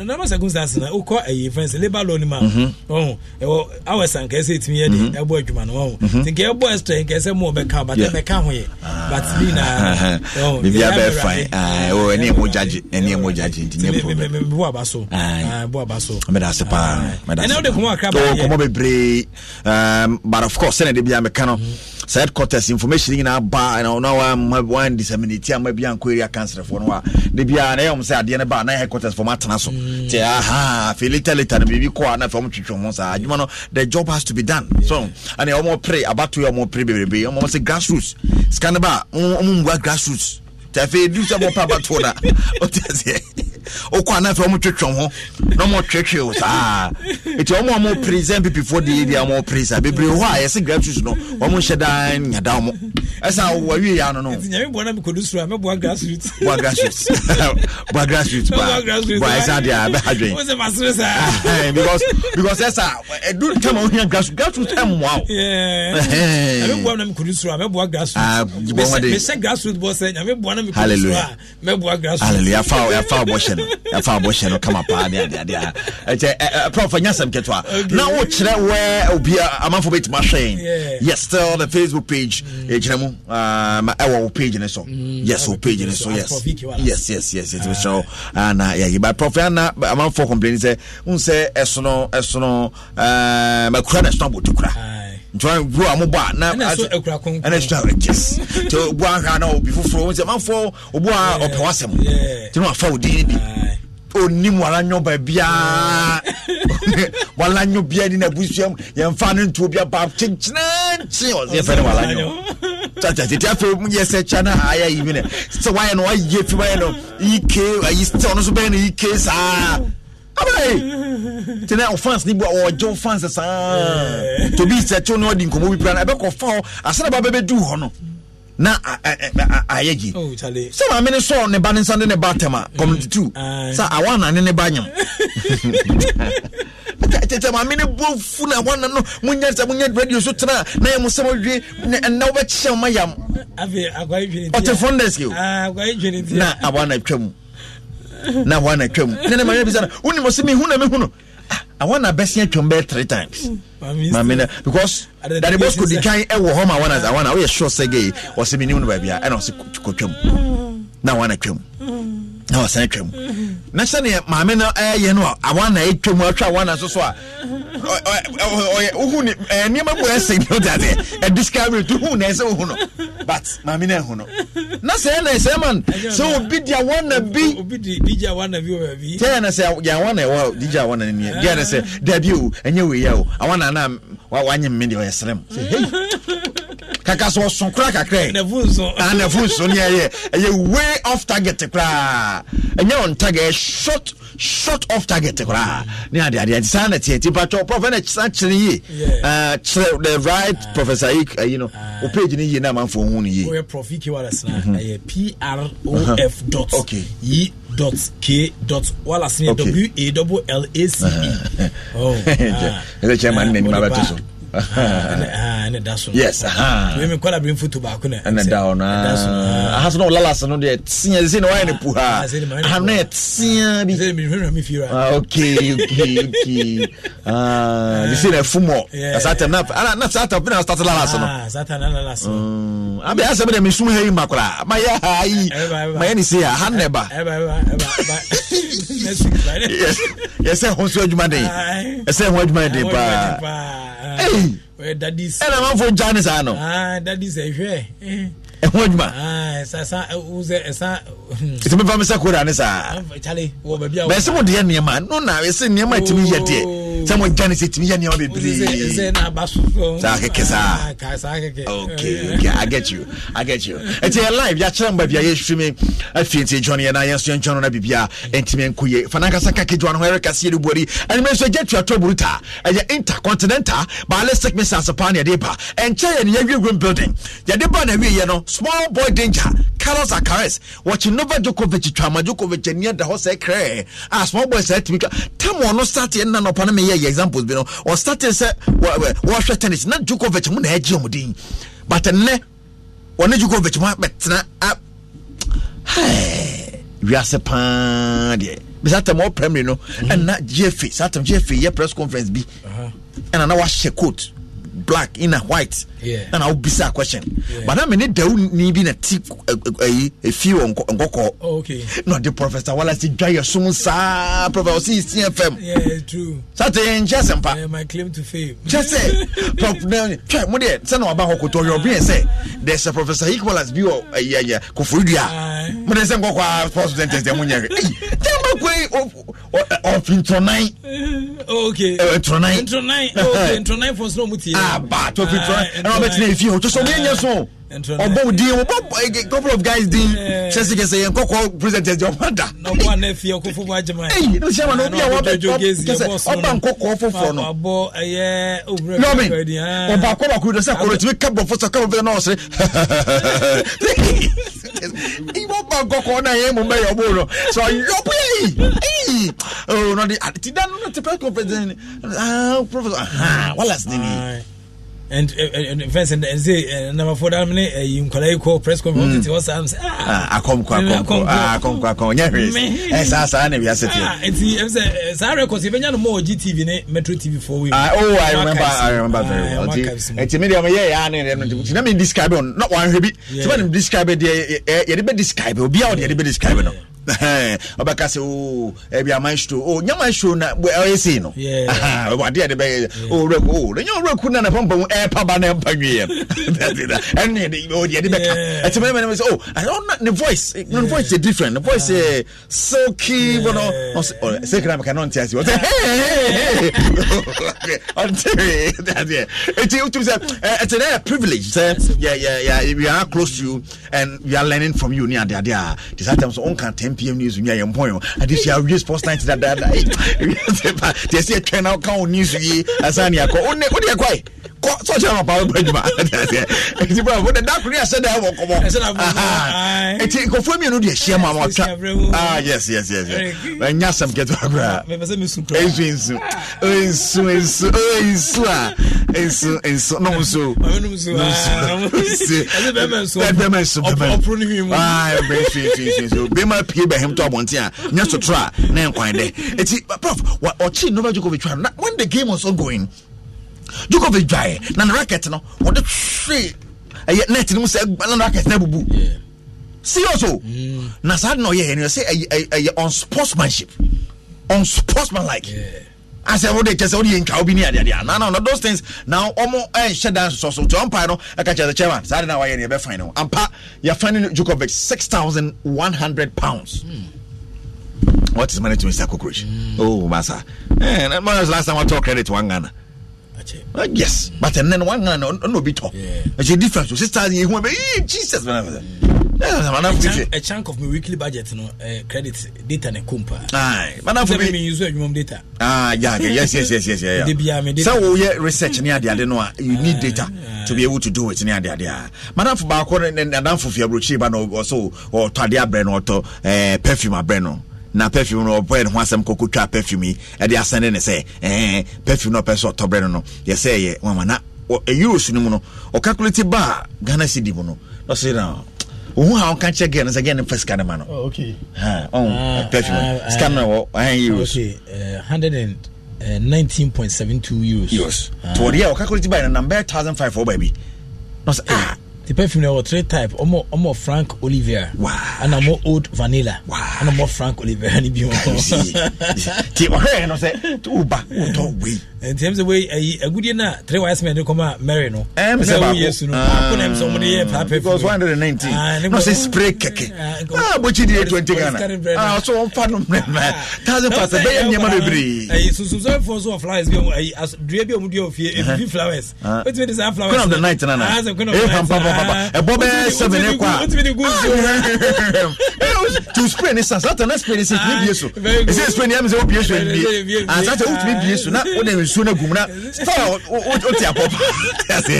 [SPEAKER 5] normal circumstances na wokɔ ɛyɛ fɛn sɛ labour law no ma ɔho ɛwɔ hours a nkɛɛ sɛ ɛtumi yɛ de ɛbɔ adwuma no ɔho nti nkɛ ɛbɔ extra nkɛɛ sɛ mo ɔbɛka but ɛbɛka ho yɛ but bi na
[SPEAKER 1] biribi abɛɛfa ɛwɔ ɛne ɛmo ɛne ɛmo nti nyɛ
[SPEAKER 5] problem bo
[SPEAKER 1] bebree but of course sɛnɛ de bia meka no sɛ headquarters information nyinaa ba na ɔna wan disseminate ama bia nkɔ area councilfoɔ no a de bia na ɛyɛ sɛ adeɛ no ba na headquarters fɔ matena so nti aha afei later later no biribi kɔ a na fam twetwe ho saa adwuma no the job has to be done so ɛne ɔmɔ pere abatoɛ ɔmɔ pere bebrebe ɔmɔ sɛ grassroots sika no ba ɔmɔ mbua grassroots nti afei sɛ bɔpa batoɔ da wotaseɛ wokɔ ana afei ɔmotwetwɛm ho na ɔmɔtwetwe wo saa ɛti ɔmo a mopre sɛ mpipifoɔ de yɛdi a bebree hɔ a yɛse gratus no ɔmo nhyɛ daa nyada mo ɛsa wawie yɛ ano no
[SPEAKER 5] boa grassroot
[SPEAKER 1] baɛsa deɛ bɛhadwen
[SPEAKER 5] because ɛsa ɛdu ntama wohia grassroot grassroot ɛmmoa wo bɔhɔde hallelujah hallelujah yafa yafa abɔhyɛ
[SPEAKER 1] no yafa abɔhyɛ no kama paa ne adeɛ adeɛ ɛkyɛ ɛ prɔfɔ nya asɛm ketewa na wo kyerɛ wɛ obi amanfo bɛ tuma hwɛn yes still the facebook page mm. ɛkyerɛ mu ah, ma ɛwɔ wo page ne mm. so yes wo page ne so yes yes yes yes ah. yes ɛkyerɛ wo ana ah, yɛyi ba prɔfɔ ana amanfo complain sɛ n sɛ ɛsono ɛsono ɛɛ makura na ɛsono abotokura join bro amobɔ a na ɛna
[SPEAKER 5] ɛsɛ
[SPEAKER 1] yes nti obu ahwɛ So, obi foforɔ wɔn sɛ manfo obu a ɔpɛ wasɛm ti na wafa odi bi onim wala nyɔ baabiaa wala nyɔ bia ni na busua mu yɛnfa ne ntuo bi aba kyenkyenankyen ɔsɛ yɛfɛ ne wala
[SPEAKER 2] nyɔ
[SPEAKER 1] tatati ti afei mu yɛ sɛ kya na ha ayɛ yi mi nɛ sɛ wayɛ no wayɛ fi wayɛ no ike ayi sɛ ɔno nso bɛyɛ no ike saa
[SPEAKER 2] abayi
[SPEAKER 1] tena offense ni oh, bi a ɔgye offense saa tobi sɛto na ɔdi nkɔmɔ bi pira na ɛbɛkɔ fa hɔ asana ba bɛbɛ du hɔ no na ayɛ gye sɛ maame ne sɔɔ ne ba ne nsa de ne ba tɛm mm. a community two sɛ awa na ne ne ba nyam kyɛkyɛ maame ne bu fu na awa na no mo nya sɛ mo nya radio so tena na yɛ mo sɛ mo wie ɛnna wobɛkyeɛ mo ma yam
[SPEAKER 5] ɔte
[SPEAKER 1] fondɛs na awa na atwa e, mu na hɔ na atwam ne ne maame bisa no wonim ɔsɛ mehu na mehu no want to bɛsia atwam bɛyɛ three times maame na because dade bosco di twan ɛwɔ I ma awa I want na woyɛ sure sɛ gɛyi ɔsɛ menim no baabi a ɛna ɔsɛ kɔtwam na awa na atwam na wɔsan
[SPEAKER 2] atwam
[SPEAKER 1] na sɛneɛ maame no ɛyɛ eh, no a awa na ɛtwam atwa awa na so so a wohu eh, nneɛma bu ɛsɛ ne wode adeɛ ɛdiscovery to hu na ɛsɛ wohu no but maame no ɛhu no na sɛ ɛna ɛsɛ ma no sɛ obi di awa na bi sɛ ɛna sɛ yɛ awa na ɛwɔ digya awa na no neɛ ɛna sɛ daabi o ɛnyɛ wei a o awa na na wanyɛ mme deɛ ɔyɛ serem sɛ hei kaka sɛ ɔso kora kakra anafu nso ne ɛyɛ ɛyɛ way off target koraa ɛnyɛ on target short short off target koraa ne ade adeɛ saa na tiɛ ti patɔ prɔfɛ na san kyerɛ yie kyerɛ the right ah. professor yi ayi no o page ni yie na amanfo ohun ni yie. Mhm. o
[SPEAKER 5] yɛ prof ike wallace na ɛyɛ prof dot yi dot k dot wallace ni w a double l a c e. ɛsɛ
[SPEAKER 1] kyɛn maa ni na ɛnima bɛ to so ɛna da so yes mimi
[SPEAKER 5] kɔla bi nfutu baako na
[SPEAKER 1] ɛna da ɔno aha so ɔlala ase no deɛ tia sɛ na wayɛ ne pu ha
[SPEAKER 5] yɛ tia bi sɛ mi hwehwɛ mi
[SPEAKER 1] fie ra ah, okay okay okay ah bi sɛ na fumɔ asa tɛm na ana na ah, sa tɛm na lala ase no
[SPEAKER 5] ah na lala ase abe asɛ bi
[SPEAKER 1] mi sum ha ma kora ma yɛ ha yi ma yɛ ni se ha ha na ba yɛsɛ ho so adwuma
[SPEAKER 2] yɛsɛ
[SPEAKER 1] ho adwuma den paa
[SPEAKER 5] ɛna manfo gya ne saa no ɛho adwuma ah, ɛsɛ mepa hmm. me sɛ koda ne saabɛsɛ mode yɛ
[SPEAKER 1] nneɛma no na ɛsɛ nneɛma atumi yɛ deɛ oh. sɛ mogya ne sɛ tumi yɛ nneɛma bebreesakeke saaagɛtyou ɛnti yɛ live yɛakyerɛ mba bia yɛhwiri me afie nti dwɔneɛ na yɛnso yɛntwɔno no bibia ɛntimi nkoye fa ka kedwa no ho ɛrekɛseɛ no buari ɛnemɛ nso agya tuatɔ buruta ɛyɛ intercontinental baalistic misanse ne yɛde ba ɛnkyɛ yɛ ne yɛwie room building yɛde ba na awieɛ no small boy danger carlos akares wɔkye nova djokovic twa ama djokovic ani ada hɔ sɛ krɛ a small boy sɛ tumi twa tam ɔno starteɛ no na nɔpa no meyɛyɛ examples bi no ɔstarteɛ sɛ wɔhwɛ tennis na djokovic mu na ɛgye ɔmu din but uh, nnɛ wɔne djokovic mu abɛtena a wiase paa deɛ bisa tɛm ɔ primary no ɛna gfa saa tɛm gfa yɛ press conference bi ɛna na wahyɛ coat black in a white yeah. I'll be wobisa question yeah. but na mene da woni bi a few on go wɔ oh, Okay. na the professor wala si dwa yɛ soon. Sir, professor ɔsi isi fm sate yɛn nkyɛ sɛmpa
[SPEAKER 5] kyɛ
[SPEAKER 1] sɛ prof na twɛ mo deɛ sɛ na waba hɔ koto ɔyɛ ɔbi yɛ sɛ there's a professor equalance bi wɔ ayi ayi koforidua mo de sɛ nkɔkɔɔ a sports centers deɛ mo kɔyi ɔfi ntɔnan.
[SPEAKER 5] ok ntɔnan eh, ntɔnan ok mu tie. aba tɔfi ntɔnan ɛnna ɔbɛ tena efi o tosɔn mu yɛ nyɛ sɔn ọbọ
[SPEAKER 1] wo din ọbọ couple of
[SPEAKER 5] guys din eh. chelsea kẹsẹ yẹn kọkọ president ẹjọ ọba da. n'ọbọ àná fi ọkọ fúnfún ajẹmọ yẹn. eyi oh, n'o sẹ́wọ̀n
[SPEAKER 7] náà obi àwọn ọbẹ̀ kẹsẹ ọba
[SPEAKER 1] nkọkọ fúnfún nọ.
[SPEAKER 7] ọbọ ẹyẹ òwúrọ̀ ẹ̀kọ́ ẹ̀dì hàn. ọba
[SPEAKER 1] akọ bàkúrò dẹ sẹ akọrọ tìmí kábọ fọsọ kábọ fẹsẹ náà ọsẹ. ìwọ ọba nkọkọ náà yẹn mú mẹyọ ọbọ rọ sọ yọbọ yẹyi eyi ọ̀nà ti dáná ti press conference
[SPEAKER 5] and fɛn sɛ nse namafo da mene ayi nkwadaa yi kɔ press conference ti hɔ saa msɛ
[SPEAKER 1] akɔmkɔ akɔmkɔ akɔmkɔ akɔmkɔ nyɛ hwee ɛ saa saa na wiase teɛ
[SPEAKER 5] nti ɛm sɛ saa records yi bɛnya no mɔ gtv ne metro tv four way ah, oh i remember i remember very ah, well nti nti
[SPEAKER 1] mi deɛ ɔmo yɛ yɛ ane deɛ nti na mi describe no na wɔn ahwɛ bi ti ma na mi describe deɛ yɛde bɛ describe obi a ɔde yɛde bɛ describe no. ɔbɛka eh, ah, I o ɛbi a o na ɔyɛ no de o na na ɛɛpa ɛti sɛ o ɔna ne voice ne voice yɛ different ne voice yɛ silky bɔnɔ ɔsɛ sɛkira mɛka na ɔnte ase ɔsɛ hɛɛɛɛ ɔnte adeɛ eti sɛ ɛti privilege sɛ yɛ yɛ yɛ we are close to you and we are learning from you ni adeade a te tɛm so ɔnka tɛm pm news nyɛ yɛn mpɔn yɛn adi si awie sports night da da da. si ɛtwɛn na ɔka wɔn news yi asan ni akɔ ɔne ɔde ɛkɔ yi kɔ sɔɔsi ama paa ɔbɛ adwuma ɛti bɔ ɛfɔ dada kuru yasɛ da ɛwɔ kɔmɔ eti nkɔfo mienu de ɛhyia mu ama ɔtwa ah yes yes yes ɛnya asɛm kɛtɛ akura nsu nsu nsu nsu nsu a nsu nsu no nsu nsu bɛrɛ bɛrɛ nsu bɛrɛ bɛrɛ nsu bɛrɛ bɛrɛ nsu bɛrɛ bɛrɛ nsu bɛrɛ bɛrɛ nsu bɛrɛ bɛrɛ nsu bɛrɛ bɛrɛ nsu bɛrɛ bɛrɛ nsu bɛrɛ bɛrɛ nsu bɛrɛ bɛrɛ Abraham to Abontia, Nyasotra, Nankwande. It's Prof, what or Chin Nova Djokovic, when the game was ongoing, Djokovic dry, Nan racket, no, what the tree, a yet net, no, Nan racket, never boo. Serious, mm. Nasad no, yeah, and you say a on sportsmanship, on sportsmanlike. Yeah asɛ wode kyɛ sɛ wode yɛ nkawo bi ne adeadeɛ anana no those things na ɔmo ɛnhyɛ da nsosɔ so nti ɔmpae no ɛka kyɛ sɛ chairman saa de no wayɛ ne yɛbɛfine no ampa yɛfine no jukovic 6100 pounds mm. What is money to Mr. Cockroach? Mm. Oh, Massa. Eh, that was last time I took credit to one Ghana. Uh, yes, but then one Ghana, no, no, be talk. Yeah. It's a difference. Sister, you want me? Jesus, man. Mm a,
[SPEAKER 5] chunk, of my weekly budget no uh, credit data ne kumpa.
[SPEAKER 1] aye madam for
[SPEAKER 5] me use adwuma data
[SPEAKER 1] ah yeah, yeah yes yes yes yes yeah, yeah. so wo ye research ni ade ade no ah, you need data ah, to be able to do it ni ade ade ah. madam for baako ne madam for fiabrochi ba no so o to ade abre no to eh, perfume abre no na perfume no ɔbɔ eh, ne ho asɛm kɔkɔ twa perfume yi ɛde asɛne ne sɛ eh, perfume no ɔpɛ sɛ ɔtɔbrɛ no no yɛsɛ yɛ wama na euros no mu no ɔcalculate ba a ghana cedi mu no ɔse na ohun a ɔka kyerɛ gɛn no sɛ gɛn no fɛ sika no ma no oh, ah, ɔn perfume ah, sika no wɔ ɔhan euros
[SPEAKER 5] eh, hundred and uh, nineteen point seven two euros euros to ɔdeɛ a ɔka kɔrɔ ti ba yɛ no namba thousand five ɔba bi na ɔsɛ ah, ah. the perfume na wɔ three type ɔmɔ ɔmɔ frank olivier wow. ana mɔ old vanilla wow. ana mɔ frank olivier ni bi wɔn. ti ɔhɛ yɛn no sɛ o ba o tɔ wei ntɛm sɛ wei ayi eh, agudie eh, no three wise men de kɔma mary no ɛm sɛ baako baako na ɛm sɛ ɔmo de yɛ paapɛ fi ah, because one hundred
[SPEAKER 1] and nineteen ah, na ɔsɛ
[SPEAKER 5] spray kɛkɛ aa bɔkyi di yɛ twenty ghana
[SPEAKER 1] aa ɔsɔ wɔn fa no mɛ mɛ
[SPEAKER 5] ah, thousand pass ɛbɛyɛ nneɛma bebree. ayi sunsunsun fɔ so wɔ flowers eh, uh-huh. bi ayi dua bi a ɔmo dua wɔ fie ebibi flowers o ti mi de saa flowers. queen of the night nana ee pam pam pam pam ɛbɔ bɛ seven ne kɔ
[SPEAKER 1] oh, to spray ni san sata na spray ni san tumi bie so ese spray ni ɛmi sɛ o bie so ɛni bie nsuo no agum na star wote apɔpa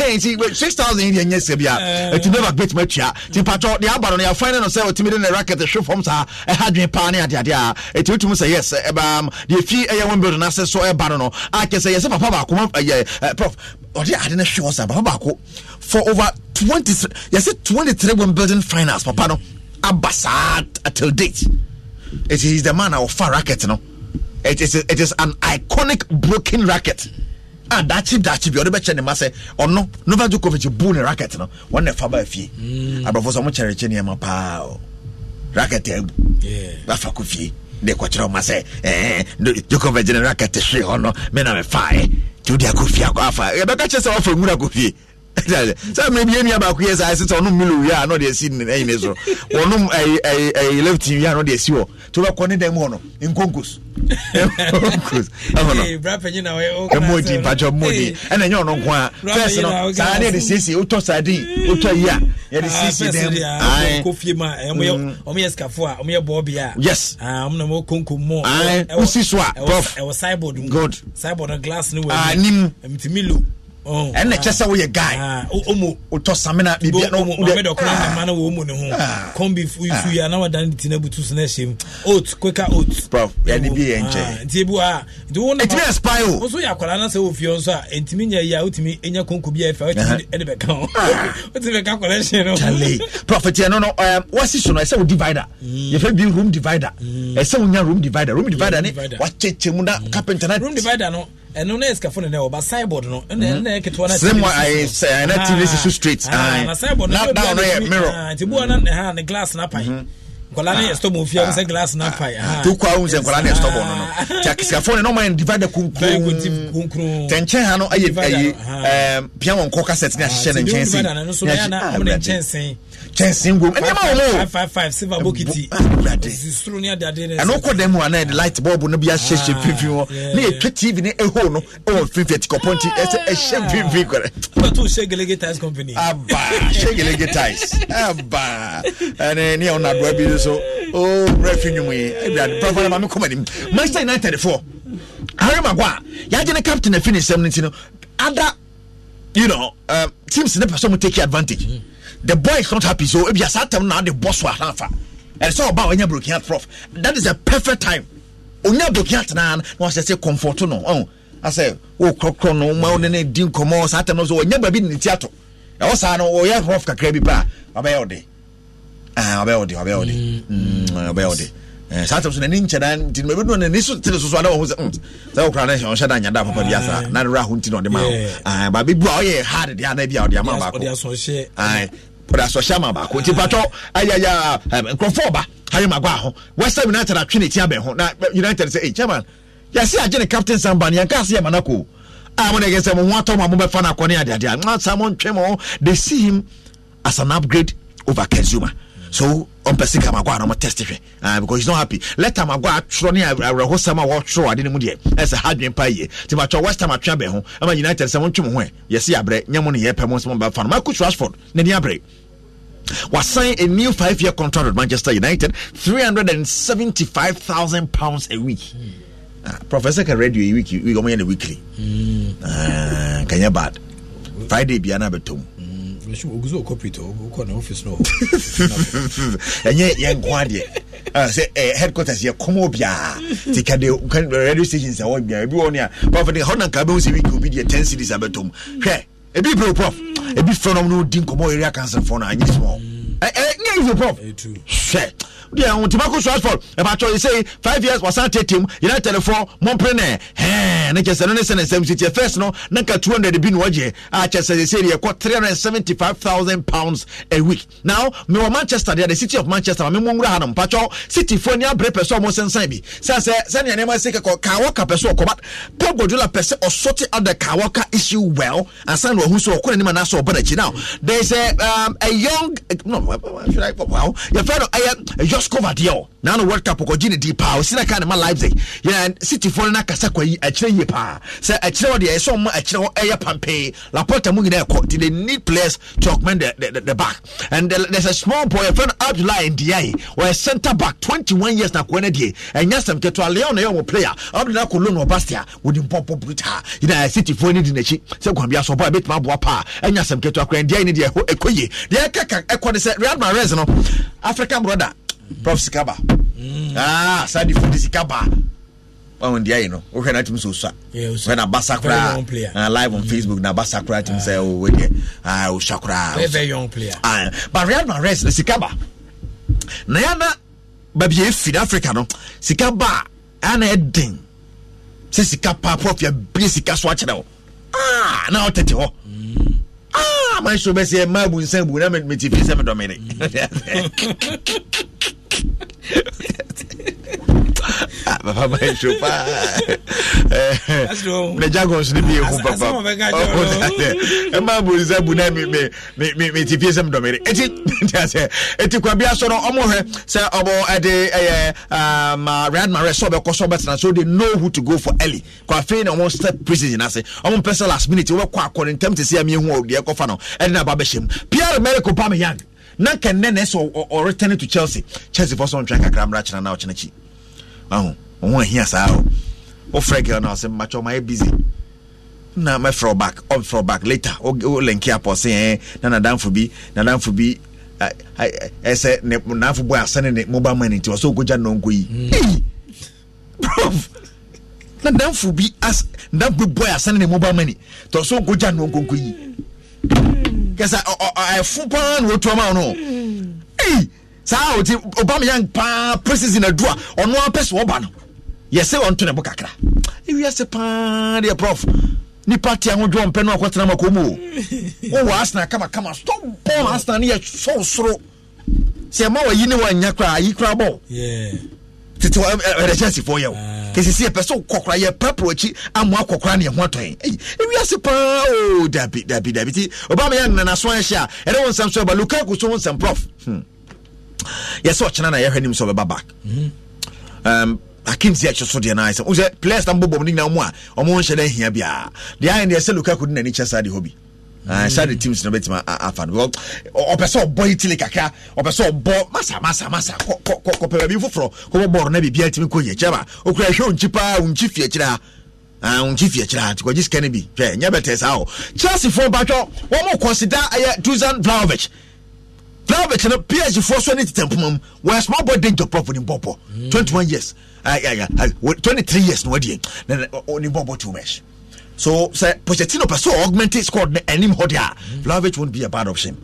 [SPEAKER 1] eh, nti six thousand yɛnyɛ sɛ bia eh. ɛtumi bɛba bɛtumi atua nti mpatɔ deɛ aba no no yɛafane no sɛ wɔtumi de ne racket hwe fam saa ɛha dwen paa ne adeadeɛ a ɛti wotumi sɛ yes ɛbaam um, deɛ fi ɛyɛ wɔn building ase so ɛba no no akyɛ sɛ yɛsɛ papa baako prof ɔde ade no hwe wɔ sa papa baako for over twenty three yɛsɛ twenty three wɔn finance papa no aba saa till date ɛti he is the man a ɔfa racket no it is it is an iconic broken racket a dachi dachi bi ɔde bɛkyɛ ne ma sɛ ɔno Novak Djokovic bu ne racket no hmm. ah, eh? wɔn eh? eh, oh, na fa ba fie aborɔfo sɛ ɔmo kyerɛkyerɛ nneɛma paa o racket abu bafa ko fie de kɔkyerɛ ɔma sɛ ɛɛ Djokovic ne racket hwee hɔ no mena me fae tí o de akɔ fie akɔ afa ɛbɛka kyerɛ sɛ ɔfa nwura akɔ fie sɛ mmerɛ bi ɛnua baako yɛ saa ɛsɛ sɛ ɔnom milo wie a na ɔde asi ɛyi ne so ɔnom ɛyi left wie a na ɔde asi hɔ nti wobɛkɔ ne dɛm hɔ no nkonkos
[SPEAKER 5] nkonkos ɛhɔ no ɛmɔdi mpatwɔ mmɔdi
[SPEAKER 1] ɛna ɛnyɛ ɔno nko a fɛs no saa ne yɛde siesie wotɔ sadi wotɔ yi a
[SPEAKER 5] yɛde siesie dɛm kofie mu a ɔmo yɛ sikafo a ɔmo yɛ bɔɔbi a yes ɔmo na ɔmo konko mu ɛwɔ wosi so a prof ɛwɔ cyborg mu good cyborg no glass no wɔ anim ah, ɛmtumi eh, lo Oh, ɛnna kyɛ
[SPEAKER 1] sɛ woyɛ guy ɔmu ah, wotɔ samina biribi na ɔmu de ɔmu dɔkura mama
[SPEAKER 5] na wɔmu ne ho kɔmbi fuyi a na wadan ne ti na butu so na ɛhyɛ mu oat kweka oat. prof yanni bi yɛ nkyɛn. Ah, nti ebi wa ah, nti wɔn nama etimi expire o. nso yɛ akwaraa na sɛ wofie nso a ntumi nya yi a otumi enya konko bi a efa otumi ɛde bɛ kan o otumi bɛ ka akwaraa ɛhyɛ no. kyale prof tiɛ no no
[SPEAKER 1] ɛɛ wɔsi so no ɛsɛ o divider mm. yɛfɛ bi room divider mm. ɛsɛ o nya room divider room divider ni
[SPEAKER 5] wa kyɛkyɛ mu na mm. carpenter na. room divider no ɛno mhm. ah, na ɛsikafo ne nɛ ɔba signboard no ɛna ɛna ketewa na sɛm ayɛ sɛ ɛna tv si so straight na signboard no na ɔno yɛ mirror nti bu ɔna ɛha ne glass na pan nkɔla ne yɛ stop mu fia sɛ glass na pan to kɔ ahun sɛ nkɔla ne yɛ stop ɔno
[SPEAKER 1] no tia sikafo ne nɔɔma yɛ divide kunkun tɛnkyɛn ha no ayɛ ayi ɛɛ piano nkɔ cassette ne ahyehyɛ ne nkyɛn se ne nkyɛn se kyɛnsee wom ɛnneɛma wɔ mu o
[SPEAKER 5] five five silver bokiti susuru ni adade ne ɛno kɔ
[SPEAKER 1] dɛm wa na yɛde light bulb no bi ahyehyɛ mfimfin hɔ ne yɛtwa tv ne ɛho no ɛwɔ mfimfin ɛtikɔpɔ nti ɛsɛ ɛhyɛ mfimfin kɔrɛ.
[SPEAKER 5] wọ́n tún ṣe gelege tiles company. aba ṣe gelege tiles aba
[SPEAKER 1] ɛnɛ eh, ní ɛwọn adoa bi so oh, rẹ fi nyumu yi ebi adi pɛrɛfɛ ɛnɛ maame kɔma nim manchester united fo harry maguire yagye ne captain na fi ne nsɛm ne ti no ada you know um, teams ne pɛ sɛ ɔmo take advantage. Mm -hmm the boy is not happy so ebi asa atam na adi bɔ so ahanfa ɛsɛ so, ɔba ɔnya broken heart prof that is a perfect time onya broken heart na na ɔsɛ say comfort no oh ɔn asɛ o kɔkɔ no ma o nene di nkɔmɔ saa atam no so ɔnya baabi ne ti ato ɛwɔ saa no ɔyɛ prof kakra bi pa ah, ɔbɛyɛ ɔde ɔbɛyɛ ɔde mm, mm, ɔbɛyɛ ɔde ɔbɛyɛ ɔde saa atam so na ne nkyɛn nti na ebi no na ne so tiri soso adawo ho so sɛ mm, okura ne ɔhyɛ da nyada papa bi asa ah. na ne ra ho nti na ɔde ma o ah, baabi bu a ɔyɛ hard de ana bi a ɔde ama baako ɔde asɔhyɛ ama baako nti patɔ ayaya nkurɔfoɔ um, ɔba harry magua ho western united atwe ne ti abɛn ho na uh, united sɛ hey chairman yasi agye ne captain samban yanka ase yɛ manako a mo na yɛ sɛ mo ho atɔ mo a mo bɛfa no akɔ ne adeade a mo asa mo ntwe mo they see him as an upgrade over consumer so ɔmpɛ sika magua na ɔmo test hwɛ ah uh, because he's not happy let am agua atwerɛ ne awerɛho sɛm a wɔtwerɛ ade no mu deɛ ɛsɛ hadwin pa yie nti ma atwa west ham atwe abɛn ho ama united sɛ mo ntwe mo ho ɛ yɛsi abrɛ nyɛ mo ne yɛ pɛ mo nsɛm mo bɛfa no michael rashford n'ani abrɛ was signed a new five year contract with Manchester United, three hundred and seventy-five thousand pounds a week. Mm. Ah, Professor can read you a week, we go in weekly. Mm. Ah, can you bad? Friday, be another tomb.
[SPEAKER 5] oguzo hmm, copy oh. to ukɔ na office no
[SPEAKER 1] ɛnyɛ yɛn nko adeɛ sɛ headquarters yɛ kɔmɔ biara ti ka de radio stations ɛwɔ biara ebi wɔ ne a wɔn afɔ de hɔ na nka ten cities abɛtɔm hwɛ ebi bere prof ebi fɛn na ɔmo di nkɔmɔ area cancer fɔ na anyi small ɛ ɛ n yɛ ife prof e hwɛ. deɛ ntimako stratford ɛpatwɔ yi sei five years wasan tɛ tim united fɔ mɔmpere nɛ hɛn ne kyɛ sɛ ne sɛ ne sitiɛ first no na nka two hundred bi na wɔgye a kyɛ sɛ three hundred seventy five thousand pounds a week now mewɔ manchester deɛ the city of manchester maame mo nwura ha no mpatwɔ city fo ni abere pɛ so ɔmo sɛnsɛn bi sɛ sɛ sɛnea nneɛma sɛ kɛkɔ kaawɔka pɛ so ɔkɔba pep guardiola pɛ sɛ ɔsɔte ada kaawɔka issue well asan na ɔhu ɔkɔ n'anim anaasɛ now there is a um, a young no should i just na no world cup kɔgye ne di paa ɔsi na ka ne ma leipzig yɛn cityfoɔ no akasa kɔ yi akyerɛ yie paa sɛ akyerɛ hɔ deɛ ɛsɛ ɔmo akyerɛ hɔ ɛyɛ pampee laporta mu nyinaa ɛkɔ ti they need players to augment the the, the, back and the, there's a small boy yɛfrɛ no abdullah ndiaye ɔyɛ centre back twenty one years na kɔɔ ne deɛ ɛnyɛ sɛm ketewa leon ɛyɛ ɔmo player abdullah kɔ loan ɔba stia wɔde mpɔmpɔ bruta yina cityfoɔ ne di n'akyi sɛ kwambi aso ɔbaa ebetuma aboa paa ɛnyɛ sɛm ketewa kɔ ndiaye ne deɛ ɛkɔ yie deɛ ɛkɛkɛ ɛkɔ ne sɛ real madrid no african brother prof sikaba Ah, saa de fode sika baa wọn di ayi no o hwɛ na tumi so sa
[SPEAKER 2] hwɛ
[SPEAKER 5] na basa koraa uh,
[SPEAKER 1] live on mm. facebook na basa koraa tumi sɛ o wɛdiɛ aa o sa koraa very young player aa ah, but real madrid sika ba na ya na baabi yɛ efi africa no sika ba ɛna ɛden sɛ sika paa pɔfia bie sika so akyerɛ o aa na ɔtete hɔ mm. aa maa n so bɛ se ɛ maa bu nsa bu na mɛ ti fi sɛ mɛ dɔ papa ma n so paa na jagos ni mi ehu papa Na sase ẹ nsa bu náà mi mi mi ti fi ẹsẹ mi dọ̀ mẹ́rin ti a sẹ Eti kwan bi asọ náà ọmọ hẹ sẹ ọmọ ẹdi ma sọ bẹ kọ so know who to go for na ọmọ step prison last minute ti ehu na mu na nkɛnɛ na ɛsɛ ɔretɛn to chelsea chelsea fɔ so ɔntwɛn kakra mmra kyerɛ na ɔkyerɛ akyi ahu ɔho ahia saa o wofrɛ girl na ɔsɛ mmatwa ɔma yɛ busy na mɛfrɛ back ɔmfrɛ oh, back later o link up ɔsɛ ɛn na nadamfo bi nadamfo bi ɛsɛ ne nadamfo boy asɛne ne mobile money nti ɔsɛ ogogya nnɔnko yi prof hmm. nadamfo bi as nadamfo boy asɛne mobile money tɔsɛ ogogya kɛsɛ ɛfo paa na wɔtua ma no ei saa ɔti obameyang paa preseason adu a ɔno apɛ sɛ wɔba no yɛsɛ ɔnto ne bo kakra ewiase paa deɛ prof nipa tia ho dwom pɛ no akɔtena ma kɔmu o wowɔ asena kamakama stop bɔl asena no yɛ sɔw soro sɛ ɛma wayi ne wanya koraa ayi koraa bɔl tete eh, eh, ɛdɛkyɛnsifoɔ yɛ o ɛsisi ah. yɛpɛ sɛ kɔkora yɛpɛ porɔkyi amoa kɔkora ne yɛho atɔn ewiase paa o dabi dabi dabi ti ɔba ma yɛ nana so ɛhyɛ a ɛde wo nsɛm so ɛba lukaku so wo nsɛm prof hmm. yɛsɛ ɔkyena na yɛhwɛ nim sɛ ɔbɛba back mhm. hakim si ɛkyɛ so deɛ no sɛ wo sɛ players na mbobɔm no nyina mu a ɔmo nhyɛ no ahia biaa deɛ ayɛ deɛ sɛ lukaku de n'ani kyɛ saa deɛ hɔ bi Ah, mm. sade teams no bɛtumi afa no ɔpɛ sɛ ɔbɔ itili kakra ɔpɛ sɛ ɔbɔ masamasmasa kɔpɛ baabi foforɔ kɔbɔ bɔɔro na biribia tumi kɔ yɛkyerɛ ma ɔkura hwɛ nkyi paa nkyi fie kyerɛ a ah, nkyi fie kyerɛ a ntikɔgye sika no bi hwɛ nyɛ bɛtɛ saa o chelseafoɔ batwɔ wɔn kɔsida ɛyɛ dusan vlaovic vlaovic no psg foɔ so ne tete mpoma mu wɔyɛ small boy danger pɔpɔ ne bɔbɔ mm. twenty one years ah, twenty three years na wɔdeɛ ne bɔbɔ too much so sɛ Pochettino pɛ sɛ augment squad no anim hɔ de a Vlahovic won't be a bad option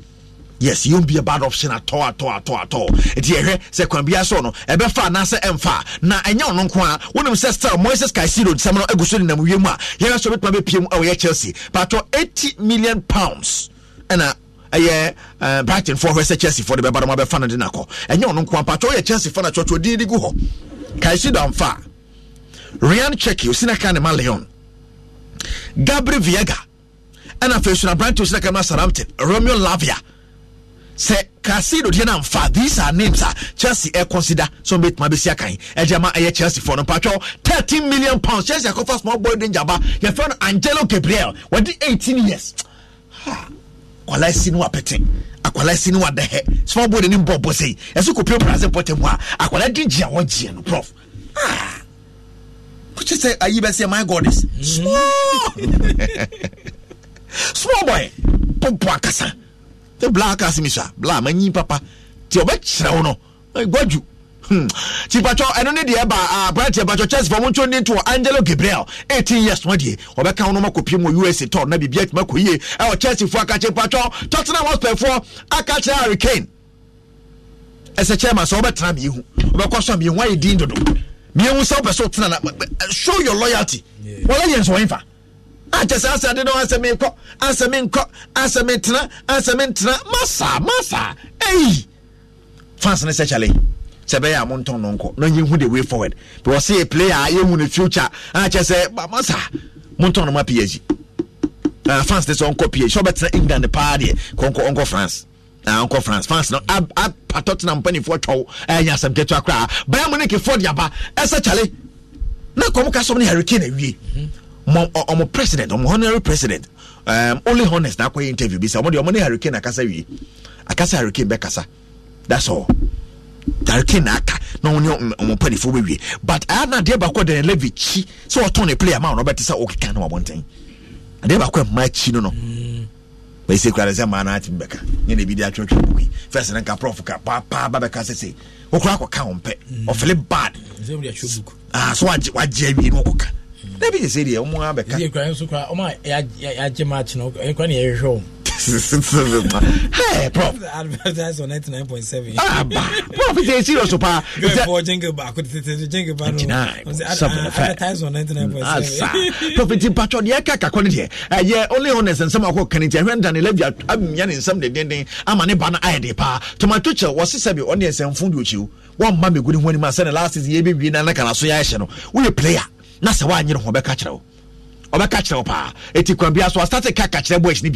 [SPEAKER 1] yes you won't be a bad option at all at all at all at all nti yɛhwɛ sɛ kwan bia so no ɛbɛfa anaasɛ ɛmfa na ɛnyɛ ɔno nko a wonim sɛ star moises kaisido nsɛm no agu so ne nam wiem a yɛhwɛ sɛ wobɛtuma bɛpiem a wɔyɛ chelsea patɔ 80 million pounds ɛna ɛyɛ eh, brighton foɔ hwɛ sɛ chelsea foɔ de bɛba no mabɛfa no de nakɔ ɛnyɛ ɔno nko a patɔ woyɛ chelsea foɔ na atwɔtwɔ din de gu hɔ kaisido amfa rian cheki osinaka ne ma leon gabriel viega ɛna afei so nabrante osi nakama saramtin romeo lavia sɛ casido deɛ no amfa these are names a chelsea air consider so bɛtuma bɛsi akan ɛgye ma ɛyɛ chelsea fɔ no mpatwɛ 13 million pounds chelsea akɔfa small boy danger ba yɛfrɛ no angelo gabriel wɔde 18 years akwalaa si no apete akwalaa si no adɛhɛ small boy de ne mbɔbɔ sɛ yi ɛso kɔpie prase pɔtɛ mu a akwalaa de gyea wɔgyeɛ no prof ah kò sɛ ayi bɛ sɛ my goddess, mm-hmm. small small boy popo akasa te bla akasa mi sa bla ma nyi papa te ɔbɛkyerɛ wo no gbɔdwu hmm. tipatwɔ ɛno ne deɛ ba aberanteɛ batwɔ chelsea fɔ montwo ne to angelo gabriel 18 years no deɛ ɔbɛka wo no ma kɔpie mu usa tɔ na biribia atuma kɔ yie ɛwɔ e, chelsea foɔ aka kyerɛ patwɔ tottenham hotspurfoɔ aka kyerɛ hurricane ɛsɛ chairman sɛ wobɛtena miehu wobɛkɔ so a miehu ayɛ din dodo mmienu sɛ wopɛ sɛ wotena na eh, show your loyalty wɔla yɛ nsɛ wɔmfa akyɛ sɛ asɛ ade no ansɛ menkɔ ansɛ menkɔ ansɛ mentena ansɛ mentena masa masa ei fans no sɛ kyɛle sɛ ɛbɛyɛ a montɔn no nkɔ na yɛhu the way forward because sɛ yɛ player a yɛhu no future akyɛ sɛ masa montɔn no ma psg uh, ah, fans ne sɛ ɔnkɔ psg sɛ wobɛtena england paa deɛ kɔnkɔ france ankɔ eh, france france no apa tottenham mpanyinfoɔ twɛw ɛnyɛ eh, asɛm ketewa koraa bayern munich fɔ de aba ɛsɛ eh, kyale na ne hurricane awie ɔmo president ɔmo honorary president only na interview bi sɛ ɔmo ɔmo ne hurricane akasa akasa hurricane that's all hurricane na na ɔmo ne ɔmo mpanyinfoɔ bɛ wie but na adeɛ baako levy kyi sɛ ɔtɔn ne player ɔno sɛ ɔkeka ne wabɔnten adeɛ baako bɛsɛ kura sɛ maa n'atimi bɛka nye na ebi de atwitwi buku yi fɛs ne nka prɔf ka paapaa ba bɛka sɛsɛ okura kɔ ka wɔn pɛ ɔfɛlɛ bad aa ah, so wagye wagye awie na ɔkɔ ka
[SPEAKER 5] na ebi yɛ sɛ deɛ ɔmo abɛka. ɛdi ekura yɛn so ni yɛhwehwɛ hey, prof. Advertise on 99.7. Ah, prof, it's serious, pa. Before jingle back, jingle back. 99.7. Advertise on 99.7. Ah,
[SPEAKER 1] prof, it's patron, yeah, kaka, kwa niye. Eh, yeah, only honest and some of what can it, and um, then I'm yan some, the dending, I'm an ebana, I de pa. To my teacher, was this have you on this and with you? One mammy good when my son last is ye be being an association. Will you player? Nasa wa nyere ho bɛka kyerɛ wo ɔbɛka kyerɛ wo paa ɛti so asate ka ka kyerɛ boys bi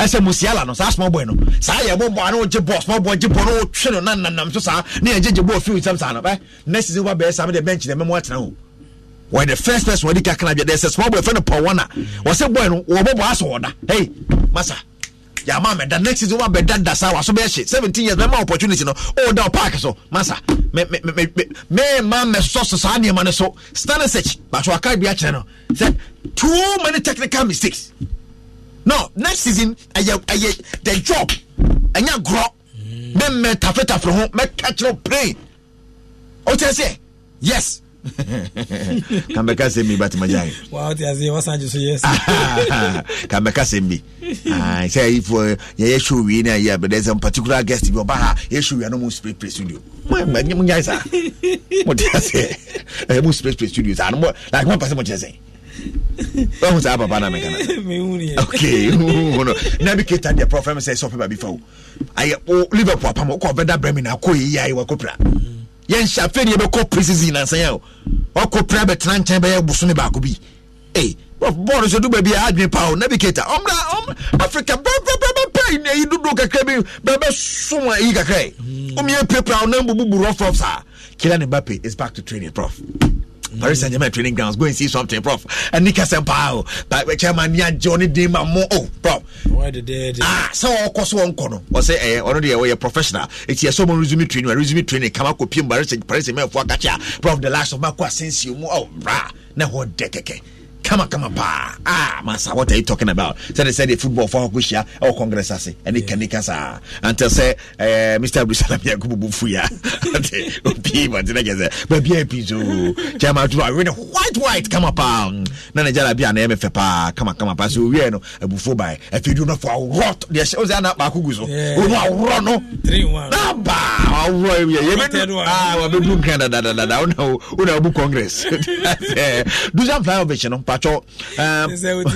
[SPEAKER 1] ɛsɛ musiala no saa small boy no saa yɛ bɔbɔ ano gye bɔ small boy gye bɔ no otwe no nananam so saa ne yɛ gye gye bɔ fiw nsɛm saa no ɛ next season wabɛɛ saa mi de bench na mɛmo atena o wɔyɛ the first person wɔde kakra bi ɛsɛ small boy fɛn no pɔn wɔn a wɔsɛ boy no wɔbɔbɔ asɔ wɔda hey masa yàmà mẹda next season wàá bẹ dada sa wàá so bẹ ṣe seventeen years mẹma opportunity no ó da ọ park so masa mẹ mẹ mẹ mẹ mẹma mẹ sọ so saa nìyẹn ma ne so stanisic bàtú akáyọ̀ bi akyerẹ no sẹ too many technical mistakes no next season ɛyɛ ɛyɛ the job ɛnyɛ gorɔ mɛ mɛ tafetafere ho
[SPEAKER 5] mɛ kakyɛw pray o tɛ sɛ yes.
[SPEAKER 2] ka
[SPEAKER 1] mɛka sɛm bi batimagyane ka mɛka sɛm bi sɛ ifo yɛyɛ show wie no ayɛ bɛdɛ sɛ particular guest bi ɔba ha yɛ show wie no mu spray spray studio monyae saa moteɛ sɛ mu spray spray studio saa no like mompɛ sɛ mokyerɛ sɛn wahu saa papa na mekana okay no na bi keta deɛ prɔfɛ mi sɛ sɔfɛ baabi fa o ayɛ o liverpool apam ɔkɔ ɔbɛda brɛ mi na akɔ yi ayi wakɔ pra yɛn nhyɛ afei ni yɛbɛkɔ pre-season nansan yɛ o ɔkɔ pra bɛtena nkyɛn bɛyɛ busoni baako bi ee bɔɔlu so duba bi a adwene pa o na bi keta ɔmra ɔm africa pɛpɛpɛpɛ yi dodo kakra bi hmm. bɛbɛ sum ayi kakra yi ɔmu yɛ pepra ɔnam bubu rɔfrɔf saa kyerɛ ne ba pe is back to training prof. Paris Saint Germain training grounds. Go and see something, Prof. And Nika Sempao, but chairman Nia Johnny Dima Mo. Oh, Prof. Why did
[SPEAKER 5] they? Ah, so
[SPEAKER 1] of course one corner. Or say, eh, already away a professional. It's here someone resume training, resume training. Come up with Pim Paris Saint Paris Saint Germain for Gacha. Prof, the last of my Marco Asensio. Oh, brah. Now what? Dekeke. kamakama paa ah masa what are you talking about sɛde sɛde football fo akɔ hyia ɛwɔ congress ase ɛne kane ka saa antel sɛ eh, mr abdusalam yakubu bu fu ya ante obi bɔnte na kyɛ sɛ baabi a ɛpi so kyɛma toro awe ne white white kama paa na ne gyala bi a na ɛmɛ fɛ paa kama kama paa sɛ owiɛ no abufuo bae afei du no fo aworɔ deɛ hyɛ wosɛ ana baako gu so ɔmu aworɔ no na ba aworɔ yɛbɛdu wabɛdu nkan dadadada wona wobu congress dusan fly ovation no pa atwɔ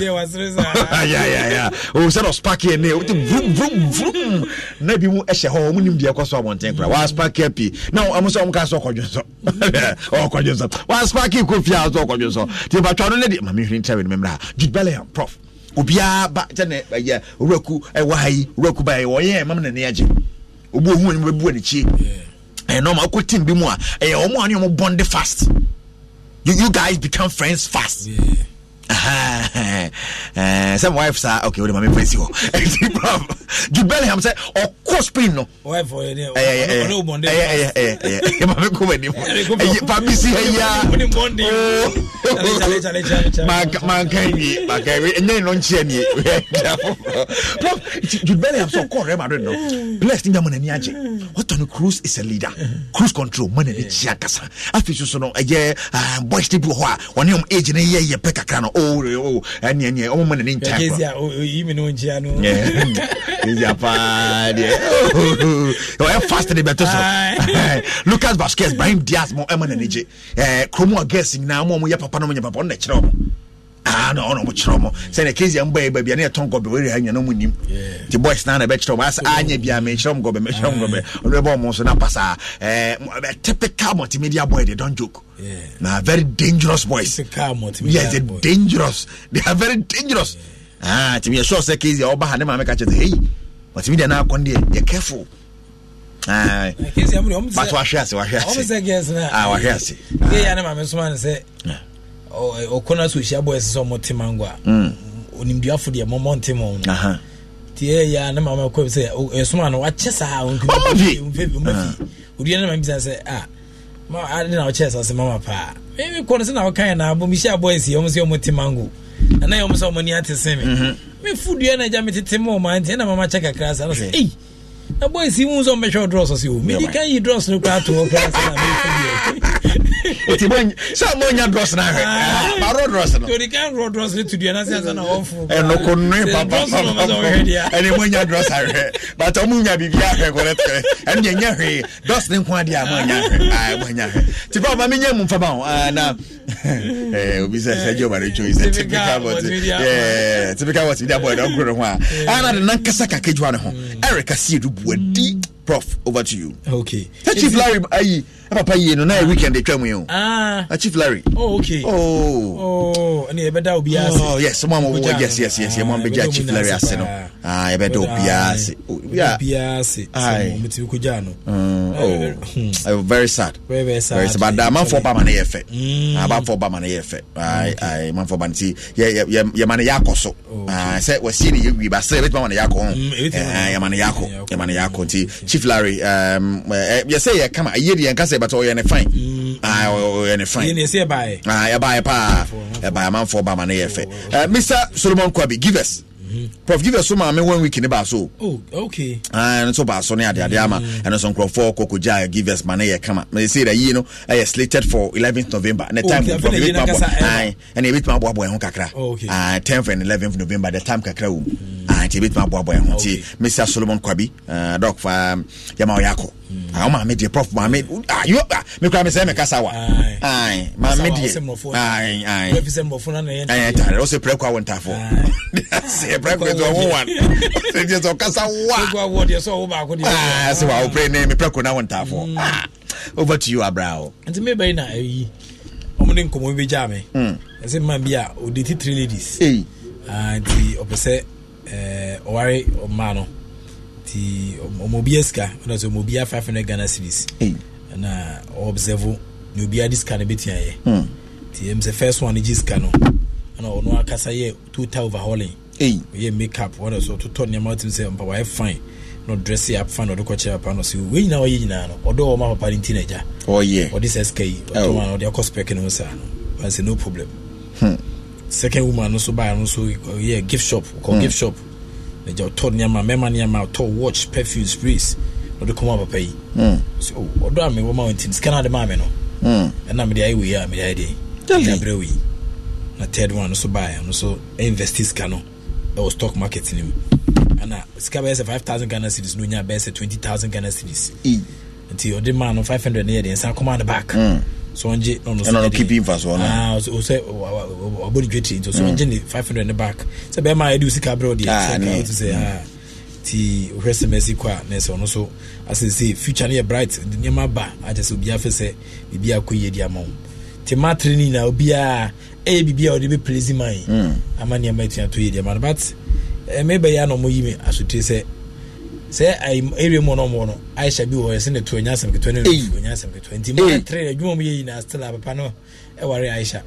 [SPEAKER 1] sɛde ɔsparkia ne wote vrumvrumvrum na bi mu ɛhyɛ ah. hɔ ɔmu nim deɛ ɛkɔ so abɔnten kora waasparkia pii na ɔmo sɛ ɔmka sɛ ɔkɔdwen so ɔkɔdwen so waasparkia kɔ fie a so ɔkɔdwen so nti batwa no ne de mamehwene ntrɛwe no memmerɛ a jude bellingham prof obiaa ba kyɛne ɛyɛ owuraku ɛwɔ ha yi owuraku ba yɛ wɔyɛ mam nane agye obi ohu anim bɛbu anikyie ɛyɛ nɔɔma wokɔ team bi mu a ɛyɛ ɔmo a ne ɔmo bɔnde fast you, you guys become friends fast yeah sɛ wife saa okay wode ma mepɛ si hɔ nti bram jubelham sɛ ɔkɔ spain no mame komanimpabisi hayiamanka wie manka wie ɛnyɛ no nkyeɛ nie bram jubelham sɛ ɔkɔ rɛ madrid no blessed nya manani agye watɔno cruise is a leader cruise control manani kyea kasa afei so so no ɛyɛ ah, boys ne bi wɔ hɔ a ɔne ɔm age ne o ɛneɛ neɛ ɔmoma nane nkyɛsia paa deɛ ɔyɛ fast de bɛto so eh, lucas vasquez brahim dias ma ɛma nane gye kurom a gas nyinaa ma ɔmo yɛ papa no mo nyɛ papa ɔno na kyerɛ ɔmo na ah, ɔno mo kyerɛ mo sɛne kesi mbɔ yɛ baabi ne yɛtɔn gɔbɛ wɔre ha nyɛno mu nim nti boys na na bɛkyerɛ mo asa anyɛ bia mekyerɛ mo gɔbɛ mekyerɛ mo gɔbɛ ɔno bɛbɔ mo so na pasaa eh, eh, typical multimedia boy they don't joke yeah. na very dangerous boys yes they dangerous they are very dangerous ah timi yɛ sure sɛ kesi a ɔba ha ne maame ka kyerɛ sɛ hey multimedia na akɔ ne yɛ careful Ah, eh, but wahwɛ ase wahwɛ ase
[SPEAKER 5] wahwɛ ase ɔkɔna so hyia boys sɛ ɔmo te mango a onimduafo deɛ mɔmɔ nte mɔ no nti ɛyɛ ne maama kɔ sɛ ɛsoma no wakyɛ saa ɔmfie odua ne ma bisa sɛ a ade na wɔkyɛ saa sɛ mama paa mekɔ no sɛ na wɔkaɛ na abɔ mehyia boys ɔmo sɛ ɔmo te mango ɛna yɛ ɔmo sɛ ɔmo ni ate se me mefu dua no agya metete ma ɔma nti ɛna mama kyɛ kakra saa no sɛ ei na boys yi mu nso mbɛhwɛ ɔdrɔs ɔsi o midi kan yi drɔs no kura to ɔkura sɛ na mɛfɛ yɛ. eti mo sɛ mo nya drɔs na hwɛ ma ah. rɔ drɔs no. tori kan rɔ drɔs ne tudua na asan na wɔn funu. ɛnoko nnu papa
[SPEAKER 1] ɛni mo nya drɔs ahwɛ bàtà ɔmu nya bibi ahwɛ kɔrɛ kɔrɛ ɛni yɛ nya hwɛ drɔs ne nko adi a mo nya hwɛ aa mo nya hwɛ tipa ɔma mi nya mu nfama o ah, na eh, obi sɛ sɛ jɛ ɔmari jo sɛ tipika wɔti tipika wɔti buadi prof over to you. okay. Hey, chief larry ayi papa yie no na yɛ ah. weekend atwa mu yi o a chief larry
[SPEAKER 5] oh okay oh ɛna yɛbɛda obiara ase oh yes mo amu wɔ yes yes yes mo amu bɛgya chief larry ase no
[SPEAKER 1] ah yɛbɛda obiara ase
[SPEAKER 5] obiara ase ayi mo ti ko gya no
[SPEAKER 1] oh very sad
[SPEAKER 5] very very sad very sad but amanfo ba ma ne yɛ fɛ amanfo
[SPEAKER 1] ba ma ne yɛ fɛ ayi ayi amanfo ba ne ti yɛ yɛ yɛ ma ne yɛ akɔ so ayi sɛ wɔsi ne yɛ wi ba sɛ ebi ma ne yɛ akɔ ho ɛɛ yɛ ma ne yɛ akɔ yɛ ma ne yɛ akɔ nti chief larry ɛɛ yɛ sɛ yɛ kama ayi yɛ de yɛn kasa but ɔyɛ oh, ne fine ɔyɛ mm. ah, oh, ne fine
[SPEAKER 5] ɛbaɛ
[SPEAKER 1] paa ɛbaɛ amanfoɔ ba ma no yɛ fɛ mr solomon kwabi give us mm-hmm. prof give us so maame uh, one week ne baaso
[SPEAKER 5] ɛno
[SPEAKER 1] nso baaso ne adeade ama ɛno nso nkurɔfoɔ kɔkɔgya give us ma ne yɛ kama na ɛsɛ da yie no ɛyɛ slated for 11th november ne oh, time prof ɛbɛtumi aboa ɛna ɛbɛtumi aboaboa ɛho kakra 10th ah, and 11th november the time kakra wɔ mu nti ɛbɛtumi aboaboa ɛho nti mr solomon kwabi uh, dɔk fa um, yɛma ɔyɛ akɔ Mm. awo ah, maame deɛ prof maame ayo ah, ah, mekura mi sɛ mi kasa wa ayi maame deɛ ayi
[SPEAKER 5] ayi ayi taare ɔsɛ
[SPEAKER 1] pɛrɛkɔ awɔ ntaafo
[SPEAKER 5] ɛsɛ pɛrɛkɔ ɛsɛ ɔwɔ wa ɛsɛ sɛ ɔkasa wa ɛsɛ wa awo pɛrɛ ne mi pɛrɛkɔ n'awɔ ntaafo mm.
[SPEAKER 1] over to you abrahamu.
[SPEAKER 5] nti mi bɛyi na ayi ɔmo de nkɔmɔ bi gya mi mm. ɛsɛ mmaa bi a odi ti three ladies nti ɔpɛ sɛ eh, ɔware ɔmaa ti ɔmo bi yɛ sika ɔna sɛ ɔmo bi yɛ five hundred ghana series hmm. na ɔbsɛvo na obi adi sika no bi tia yɛ hmm. ti ɛmu sɛ first one gye sika no ɛna ɔno akasa yɛ total overhauling ɔyɛ make up ɔna sɛ ɔtotɔ nneɛma ɔtum sɛ mpa wɔayɛ fine na ɔdrɛse up fine ɔde kɔkyɛ papa no sɛ wɔn nyinaa ɔyɛ nyinaa no ɔdɔ ɔmo papa ne ti na gya ɔyɛ ɔde sɛ sika yi ɔtɔn ano ɔde akɔ spec ne ho saa no ɔsɛ no problem hmm. second woman no so baa no so ɔyɛ gift shop ɔkɔ gift shop agya ɔtɔ nneɛma mɛma nneɛma ɔtɔ watch perfume sprays na ɔde kɔma papa yi e. hmm. so ɔdɔ a mewɔ ma wɔnti sika no ade maa me no ɛna ayi. ayɛ wei a mede ayɛ deɛ abrɛ wei na third one no so baɛ ɔno so investi sika no ɛwɔ stock market ni. mu ɛna sika bɛyɛ sɛ 5000 ghana cities no onya bɛyɛ sɛ 20000 ghana cities nti ɔde maa no hundred no yɛ deɛ nsa kɔma no back mm so ɔngye ɔno kipi mfa soɔ no sɛ ɔbɔ ne dwatiri nti so ɔngye ne 500 ne back sɛ bɛrima ɛde wo sika berɛ ɔdeɛ sɛkawoto sɛ a nti wohwɛ sɛ masi kɔ a na ɛsɛ ɔno so asɛ sɛ future no yɛ bright nneɛma ba akyɛ sɛ obiaa fɛ sɛ biribia kɔ yie de ama wo nti matere no nyinaa obiaa ɛyɛ biribia ɔde bɛpresi ma eh, hmm. ama nneɛma atuato yie deɛ ma no but eh, mebɛyɛ a na ɔmɔyi sɛ area mu ɔnɔ mu no aisha bi wɔ yɛ sɛ ne to onyasɛm ketewa ne lefu onyasɛm ketewa nti mu atere adwuma mu yɛ nyinaa still papa no ɛware aisha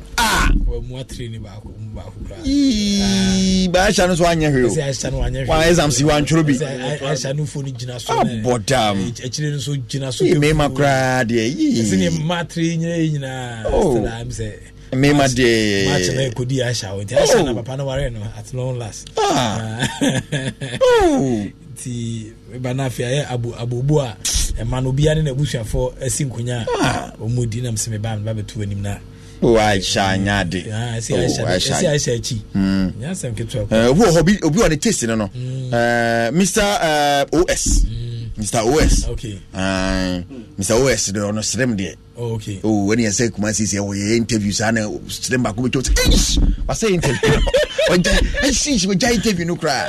[SPEAKER 5] wɔ mu atere ne baako mu baako
[SPEAKER 2] koraa
[SPEAKER 5] ba aisha no so anyɛ hwee o sɛ aisha no anyɛ hwee wɔn exam si wantwerɛ bi sɛ aisha no fo no gyina so abɔdam akyire no so gyina so kɛfu
[SPEAKER 1] mmarima koraa deɛ yii oh. sɛ ne
[SPEAKER 5] mma atere nyinaa nyinaa still sɛ mema deɛ aisha wɔ nti oh. papa no ware no at long last Ah. Oh. nti bana afei eh, ayɛ abobo a ɛma eh, no obiara ne n'abusuafoɔ asi eh, nkonya a ah. ɔmu di nam sɛ meba meba bɛto anim na
[SPEAKER 1] wahyɛ oh, anya de ɛsɛ
[SPEAKER 5] akyi nyasɛm ketewa
[SPEAKER 1] obi wɔ hɔ ne taste no no mr os mr os okay. mr os no ɔno serem deɛ oh, okay. oh, ɛne yɛ sɛ kuma sisi ɛwɔyɛ interview saa na serem baako bɛtwa sɛ wasɛ interview no ɔgya ɛhyehye ɔgya interview no koraa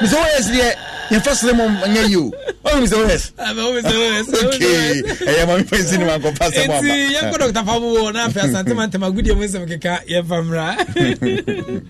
[SPEAKER 1] mr
[SPEAKER 5] os deɛ your first name on you. Always the worst. I'm always the worst. Okay. I am a person who can pass them. Young Doctor Fabu, now, first, I'm a good I am Keka, your
[SPEAKER 2] family.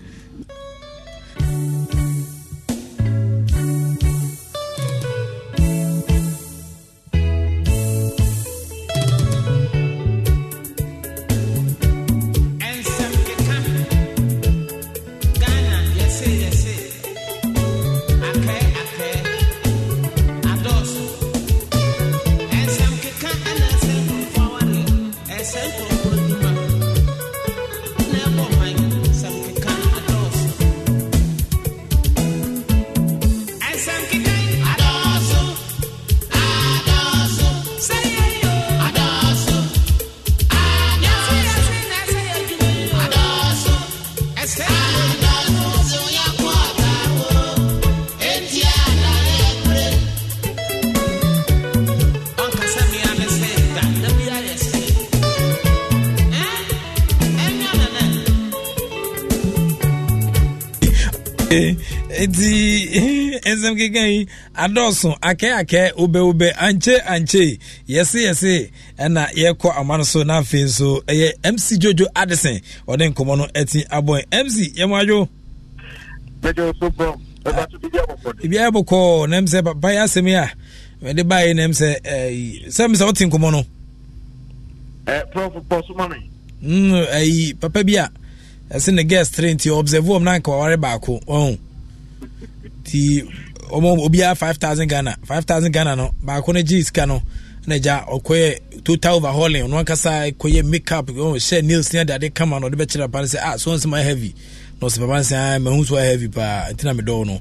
[SPEAKER 5] asɛm keka yi adɔɔso akɛakɛ wobɛwobɛ ankye ankye yɛse yɛse ɛna yɛkɔ ama no so na afei nso ɛyɛ mc jojo adison ɔde nkɔmmɔ no ati abɔn mc yɛmo adwo biribiayɛ bɔkɔɔ nam sɛ papa yɛ asɛm yi a mede baɛ nam sɛ sɛ me sɛ wote nkɔmmɔ no ayi mm, papa bi a ɛsɛ ne guest tre nti observe wɔm na anka waware baako ɔhu nti ɔmo obiara five thousand ghana five thousand ghana no baako no gye sika no na gya ɔkɔyɛ total overhauling ɔno ankasa kɔyɛ make up ɔmo hyɛ nails ne adeade kama na ɔde bɛkyerɛ papa no sɛ ah so nsɛm ayɛ heavy na ɔsɛ papa no sɛ ah mahu so ayɛ heavy paa nti na medɔɔ no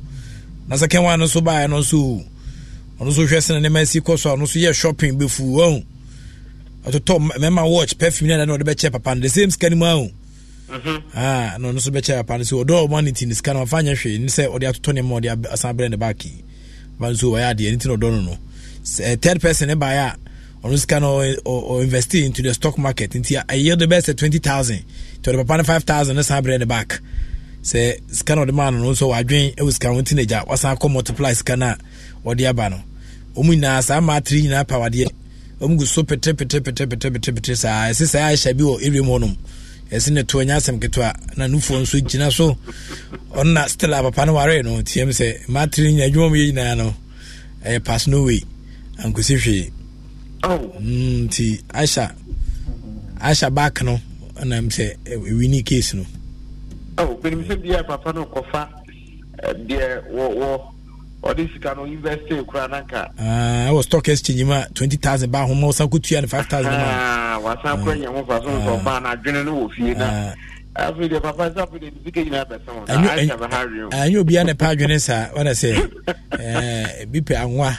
[SPEAKER 5] na second one no so baayɛ no nso ɔno nso hwɛ ne nneɛma si kɔ so a ɔno nso yɛ shopping befu ɔn ɔtotɔ mɛma watch perfume ne adeade na ɔde bɛkyerɛ papa no the same skin no mu ahun na ɔno nso bɛkyɛ apa no sɛ ɔdɔ ɔma ne ti ne sika no ɔfa nyɛ hwee ne sɛ ɔde atotɔ ne ma ɔde asan berɛ ne baaki ba nso wɔyɛ adeɛ ne ti na ɔdɔ no no third person ne baeɛ a ɔno sika no ɔinvesti into the stock market nti ɛyɛ de bɛsɛ 20000 nti ɔde papa no 5000 ne san berɛ ne back sɛ sika no ɔde maa no no nso wɔadwen ɛwɔ sika no nti na agya wasan akɔ multiply sika no a ɔde aba no ɔmu nyinaa saa maa tiri nyinaa pawadeɛ ɔmu gu so pete pete pete pete pete saa ɛsɛ yɛsɛ ne toɔ nya asɛm ketewa na nufoɔ nso gyina so ɔnna still a papa no waree no tiam sɛ matere nya adwuma mu yɛ nyinaa no ɛyɛ pass no way ankɔsi hwee oh. mm, nti ahyɛ ahyɛ back no ɛnam sɛ ɛwi ne case no
[SPEAKER 6] menim oh, sɛ bia papa no kɔfa deɛ wɔwɔ ɔde sika no university kura nanka.
[SPEAKER 5] Ah, ɛwɔ stock exchange mu a twenty thousand ba ahoma ɔsan ko tuya ne five thousand ma.
[SPEAKER 6] Ah, wasan kura nyɛ ho faso nso ɔba na adwene no wɔ fie na. Ah. afei deɛ papa nsa afei deɛ sika nyinaa bɛsɛn wɔn na ayɛ bɛ ha rio.
[SPEAKER 5] anyi pa adwene sa ɔna sɛ ɛɛ eh, pɛ anwa.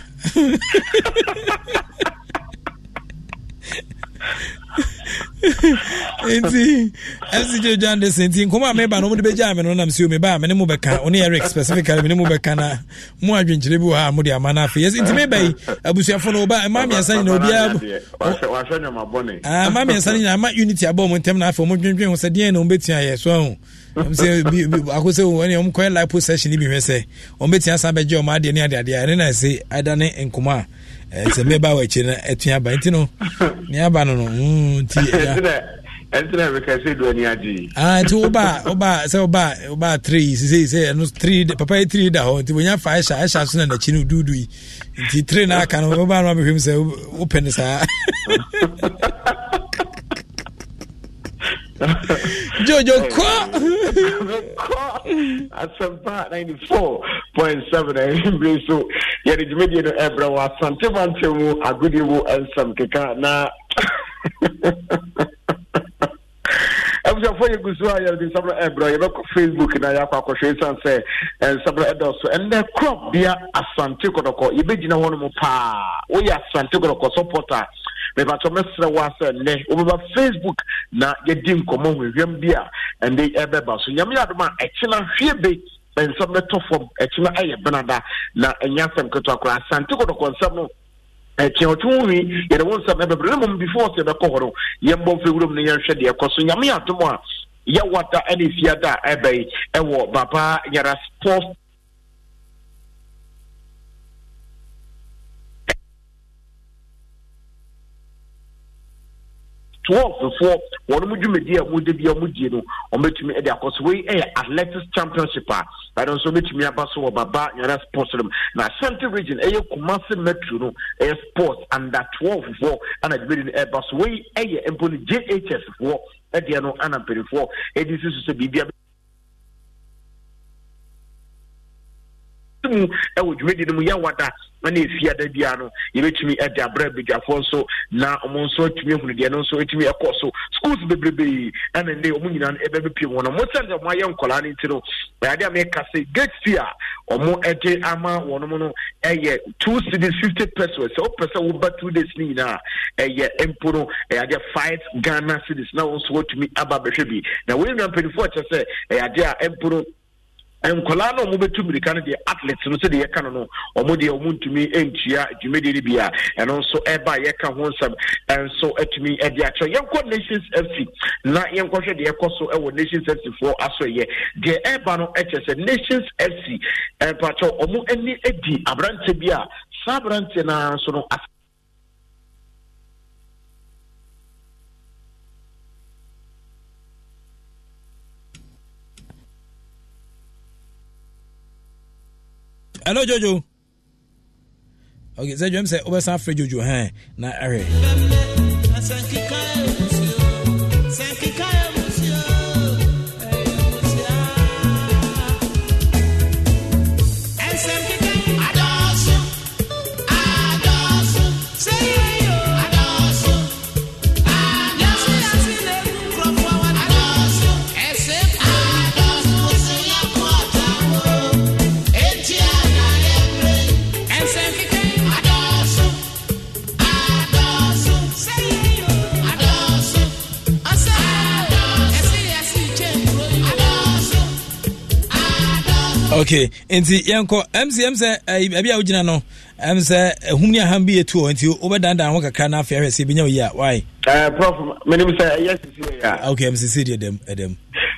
[SPEAKER 5] nti fc joe john de senti nkɔmɔ a meba no wɔde bɛgya me no nam sɛ meba a me ne mu bɛka ɔne eric specifically me ne mu bɛka na mu adwenkyerɛ bi wɔ ha a mode ama no afei nti meba yi abusuafo no wɔba ma mmiɛnsa nyina obiaa
[SPEAKER 6] ma mmiɛnsa no nyina
[SPEAKER 5] ma unity abɔ mu ntɛm na afei ɔmodwendwen ho sɛ deɛn na ɔmbɛtua yɛ so ahu akosɛ ɔne ɔmkɔyɛ lipo session bi hwɛ sɛ ɔmbɛtua san bɛgye ɔma adeɛ ne adeadeɛ ɛne na ɛse adane nkɔmɔ a sɛ meba wɔ akyiri no atua aba nti no neaba no no nti
[SPEAKER 6] ɛntena meka sɛ duani agye
[SPEAKER 5] nti woba woba sɛ woba woba three sisei sɛ ɛno three papa yi three da hɔ nti wonya fa ɛhyɛ ɛhyɛ so na n'akyi no duudu yi nti three na aka no woba no amehwɛ mu sɛ wopɛ no saa
[SPEAKER 6] jojo kɔ asɛmpa 94.7 ɛmbre so yɛde dwumadie no ɛbrɛ wɔ asantebantɛ mu agodie mu ɛnsɛm keka na abusuafo yɛ gu so a yɛde nsabra ɛbrɛ yɛbɛkɔ facebook na yɛakɔ akɔhwɛ ɛsiane sɛ nsabra ɛdɔso ɛnnɛ kurɔ bea asante kɔdɔkɔ yɛbɛgyina hɔ no mu paa woyɛ asante kɔdɔkɔ support a mepatɔ mɛsrɛ wo asɛ nnɛ facebook na yɛdi nkɔmmɔ hwehwɛm bi a ɛnde ɛbɛba so nyame yɛ adom a ɛkyena hwie be nsɛm bɛtɔ fam ɛkyena ɛyɛ benada na ɛnyɛ asɛm ketewa koraa asante kɔdɔkɔ nsɛm no ɛkyeɛwɔtwe eh, eh, eh, wo wi yɛde wo nsɛm ɛbɛbrɛ ne mmom before sɛ ɛbɛkɔ hɔ no yɛmbɔ mfɛ wurom no yɛnhwɛ deɛ ɛkɔ so nyame atom a yɛwata ɛne fiada a ɛbɛyi ɛwɔ baba yɛra sports twelvefoɔ wɔn mu dwumadi a wɔde bi a wɔdie no wɔbɛtumi de akɔ so wei yɛ athletics championship a ɛno nso wɔbɛtumi aba so wɔ baba nyana sports room. mu na asante region ɛyɛ kumase metro no ɛyɛ sports under twelvefoɔ ɛna dwumadi no ɛreba so wei yɛ mpo no jhs foɔ ɛdeɛ no ana mpanimfoɔ ɛde si so sɛ biribi a mu ɛwɔ dwumadi no mu yɛwada ne ɛfiada biara no yɛbɛtumi de abrɛ badwafoɔ nso na ɔmo nso atumi ahunu deɛ no nso atumi ɛkɔ so schools bebrebee ɛne nnɛ ɔmo nyinaa no ɛbɛbɛpiem wɔn ɔmo sɛ sɛ ɔmoayɛ nkɔlaa no nti no ɛade a meka sɛ gate fee a ɔmo de ama wɔnom no ɛyɛ two cities fifty pesos sɛ wopɛ sɛ woba two days no nyinaa ɛyɛ mpo no ɛyɛ adeɛ five ghana cities na wɔn nso wɔtumi aba bɛhwɛ bi na wɔn nyinaa mpanimfoɔ kyerɛ sɛ ɛyɛ a mpo no nkɔlaa no ɔmo bɛtu mirika no deɛ atlete no sɛdeɛ yɛka no no ɔmo deɛ ɔmo ntumi ntua dwumadie no bi a ɛno nso ɛba a yɛka ho nsɛm ɛnso atumi ɛde akyerɛ yɛnkɔ nations fc na yɛnkɔhwɛ deɛ ɛkɔ so ɛwɔ nations fc foɔ asɔyɛ deɛ ɛba no ɛkyɛ sɛ nations fc ɛmpakyɛw ɔmo ani adi aberanteɛ bi a saa aberanteɛ naa nso no asa
[SPEAKER 5] hello jojo okay sɛ dwam over some frɛ jojo huh? na ɛhwɛ
[SPEAKER 2] eh.
[SPEAKER 5] Okay, nti yɛnkɔ mcm sɛ abi a wogyina no m sɛ hum ne aham bi yɛ tuo nti wobɛdandan ho kakra no afei ahwɛ sɛ
[SPEAKER 6] ɛbɛnya wo yi a wae eh, prof menim sɛ ɛyɛ sisi wei a ok msisi deɛ ɛdam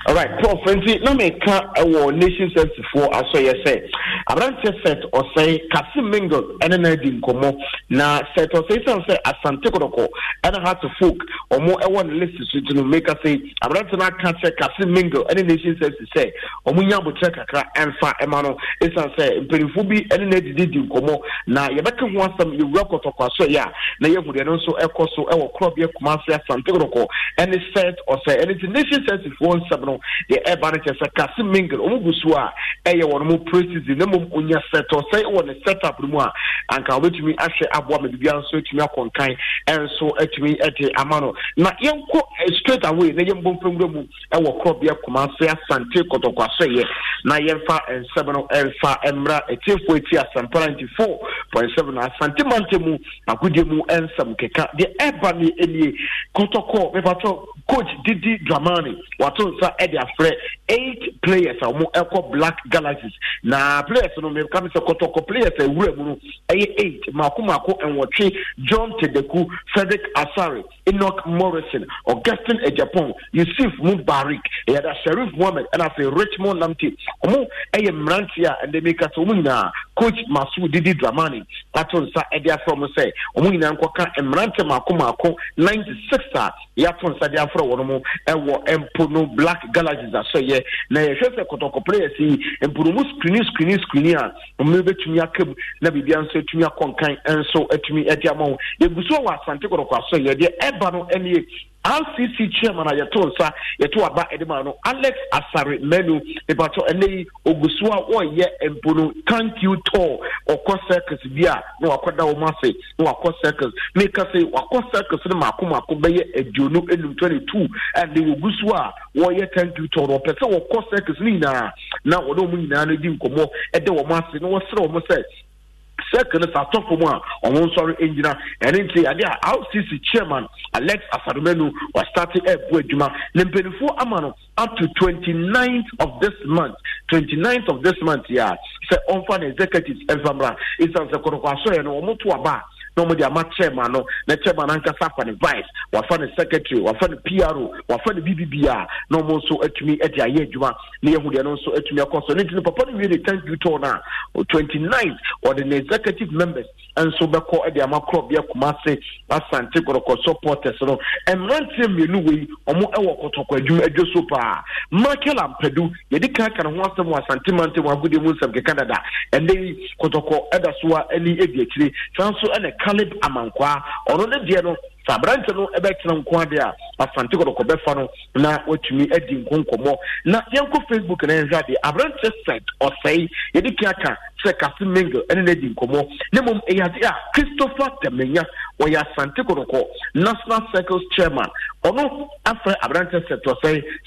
[SPEAKER 6] All right, prof nti na meka ɛwɔ nation servicefoɔ asɔyɛ sɛ aberanteɛ set ɔsɛe kase mingle ɛne no adi nkɔmmɔ na set ɔsɛe siane sɛ asante kɔdɔkɔ ɛne heart folk ɔmo ɛwɔ ne list so nti no meka sɛ aberante no aka sɛ kase mingle ɛne nation service sɛ ɔmo nya abotrɛ kakra ɛmfa ɛma no ɛsiane sɛ mpanimfoɔ bi ɛne no adidi di nkɔmmɔ na yɛbɛka ho asɛm yɛwura kɔtɔkɔ asɔyɛ a na yɛhu deɛ no nso ɛkɔ so ɛwɔ e e korɔbeɛ kumase asante kɔdɔkɔ ɛne set ɔsɛe ɛne nti nation servicefoɔ nsɛm no no deɛ ɛba no kyɛ sɛ kase mingle ɔmo gu so a ɛyɛ wɔn mo preseason na mmom onya sɛtɔ sɛ wɔ ne setup no mu a anka wɔbɛtumi ahwɛ aboa ma biribiara nso atumi akɔnkan ɛnso atumi ɛde ama no na yɛnkɔ eh, straight away na yɛmbɔ mpɛnwura mu ɛwɔ korɔbea kɔmanse asante kɔtɔkɔ asɔyɛ na yɛmfa nsɛm no ɛmfa mmra atiefoɔ ati asɛmpara nti four point seven asante mante mu agodie mu ɛnsɛm keka deɛ ɛba ne ɛnie kɔtɔkɔ mepatɔ coach didi dramani wato nsa ɛde afrɛ eight players a wɔn ɛkɔ black galaxies na players no mɛ kàmi sɛ kɔtɔkɔ players a ewura mu no ɛyɛ eight mako mako ɛnwɔtwe john tedeku frederick asare enoch morrison augustin ejapon yusuf mubarak ɛyɛda Sheriff mohammed ɛna afei richmond namte wɔn ɛyɛ mmeranteɛ a ɛnna mi kasa wɔn nyinaa coach masu didi dramani ato nsa ɛde afrɛ wɔn sɛ wɔn nyinaa nkɔka mmeranteɛ mako mako ninety six a yɛato nsa de afrɛ wɔn mo ɛwɔ mpono black galaxies asɔ yɛ na yɛhwɛ sɛ kɔtɔkɔpere yɛ sɛ yi mponomu screen screen screen a ɔmo bɛtumi aka mu na biribia nso atumi akɔ nkan nso atumi ɛde ama ho yɛgu so wɔ asante kɔtɔkɔ asɔ yɛ deɛ ɛba no ɛne rcc chairman a yɛto nsa yɛto aba ɛde ma no alex asare manu ebato ɛnɛ yi ogusu a wɔreyɛ mpo no thank you tour ɔkɔ circus bi a na wakɔda wɔn ase na wakɔ circus meka se, wakɔ circus no maako maako bɛyɛ aduonu enum twenty two ɛnɛ ogusu a wɔreyɛ thank you tour no ɔpɛ sɛ wɔkɔ circus no nyinaa na wɔde wɔn nyinaa no di nkɔmɔ ɛde wɔn ase na wɔsrɛ wɔn sɛ sɛkene sɛ atɔfo mu a ɔmo nsɔre nyina ɛne nti adeɛ a rcc chairman alex asadomanu wastate ɛɛbo adwuma ne mpanimfoɔ ama no up to 29th of this month 29th of this month yɛ a sɛ ɔmfa ne executives ɛmfa mmra ɛsiane sɛ kɔnɔkɔasɔeɛ no ɔmo to aba a na ɔmo de ama chairman no na chairman ankasa afa ne vice wafa ne secretary wafa ne pro wafa ne bbb a na ɔmo nso atumi de ayɛ adwuma na yɛhu deɛ no nso atumi akɔ so ne nti no papa no wie ne thank you tour no Twenty-nine ɔde ne executive members nso bɛkɔ de ama korɔbea kuma se asante kɔrɔkɔ supporters no mmeranteɛ mmienu wei ɔmo wɔ kɔtɔkɔ adwuma adwo so paa michael ampadu yɛde ka ka ne ho asɛm wɔ asante mantam agodie mu nsɛm keka dada ɛnɛ yi kɔtɔkɔ ɛda so a ani adi akyire saa nso ɛna caleb amankwaa ɔno ne deɛ no saa aberante no bɛtena nko ade a asante kɔdɔkɔ bɛfa no na watumi adi nkonkɔmmɔ na yɛnkɔ facebook na yɛnhwɛ adeɛ aberante sɛt ɔsɛe sɛ kase mingle ɛne no adi nkɔmmɔ na mmom ɛyɛ adeɛ a christopher tamanya wɔyɛ asante kodokɔ national circles chairman ɔno afrɛ aberantɛ sɛtɔsɛe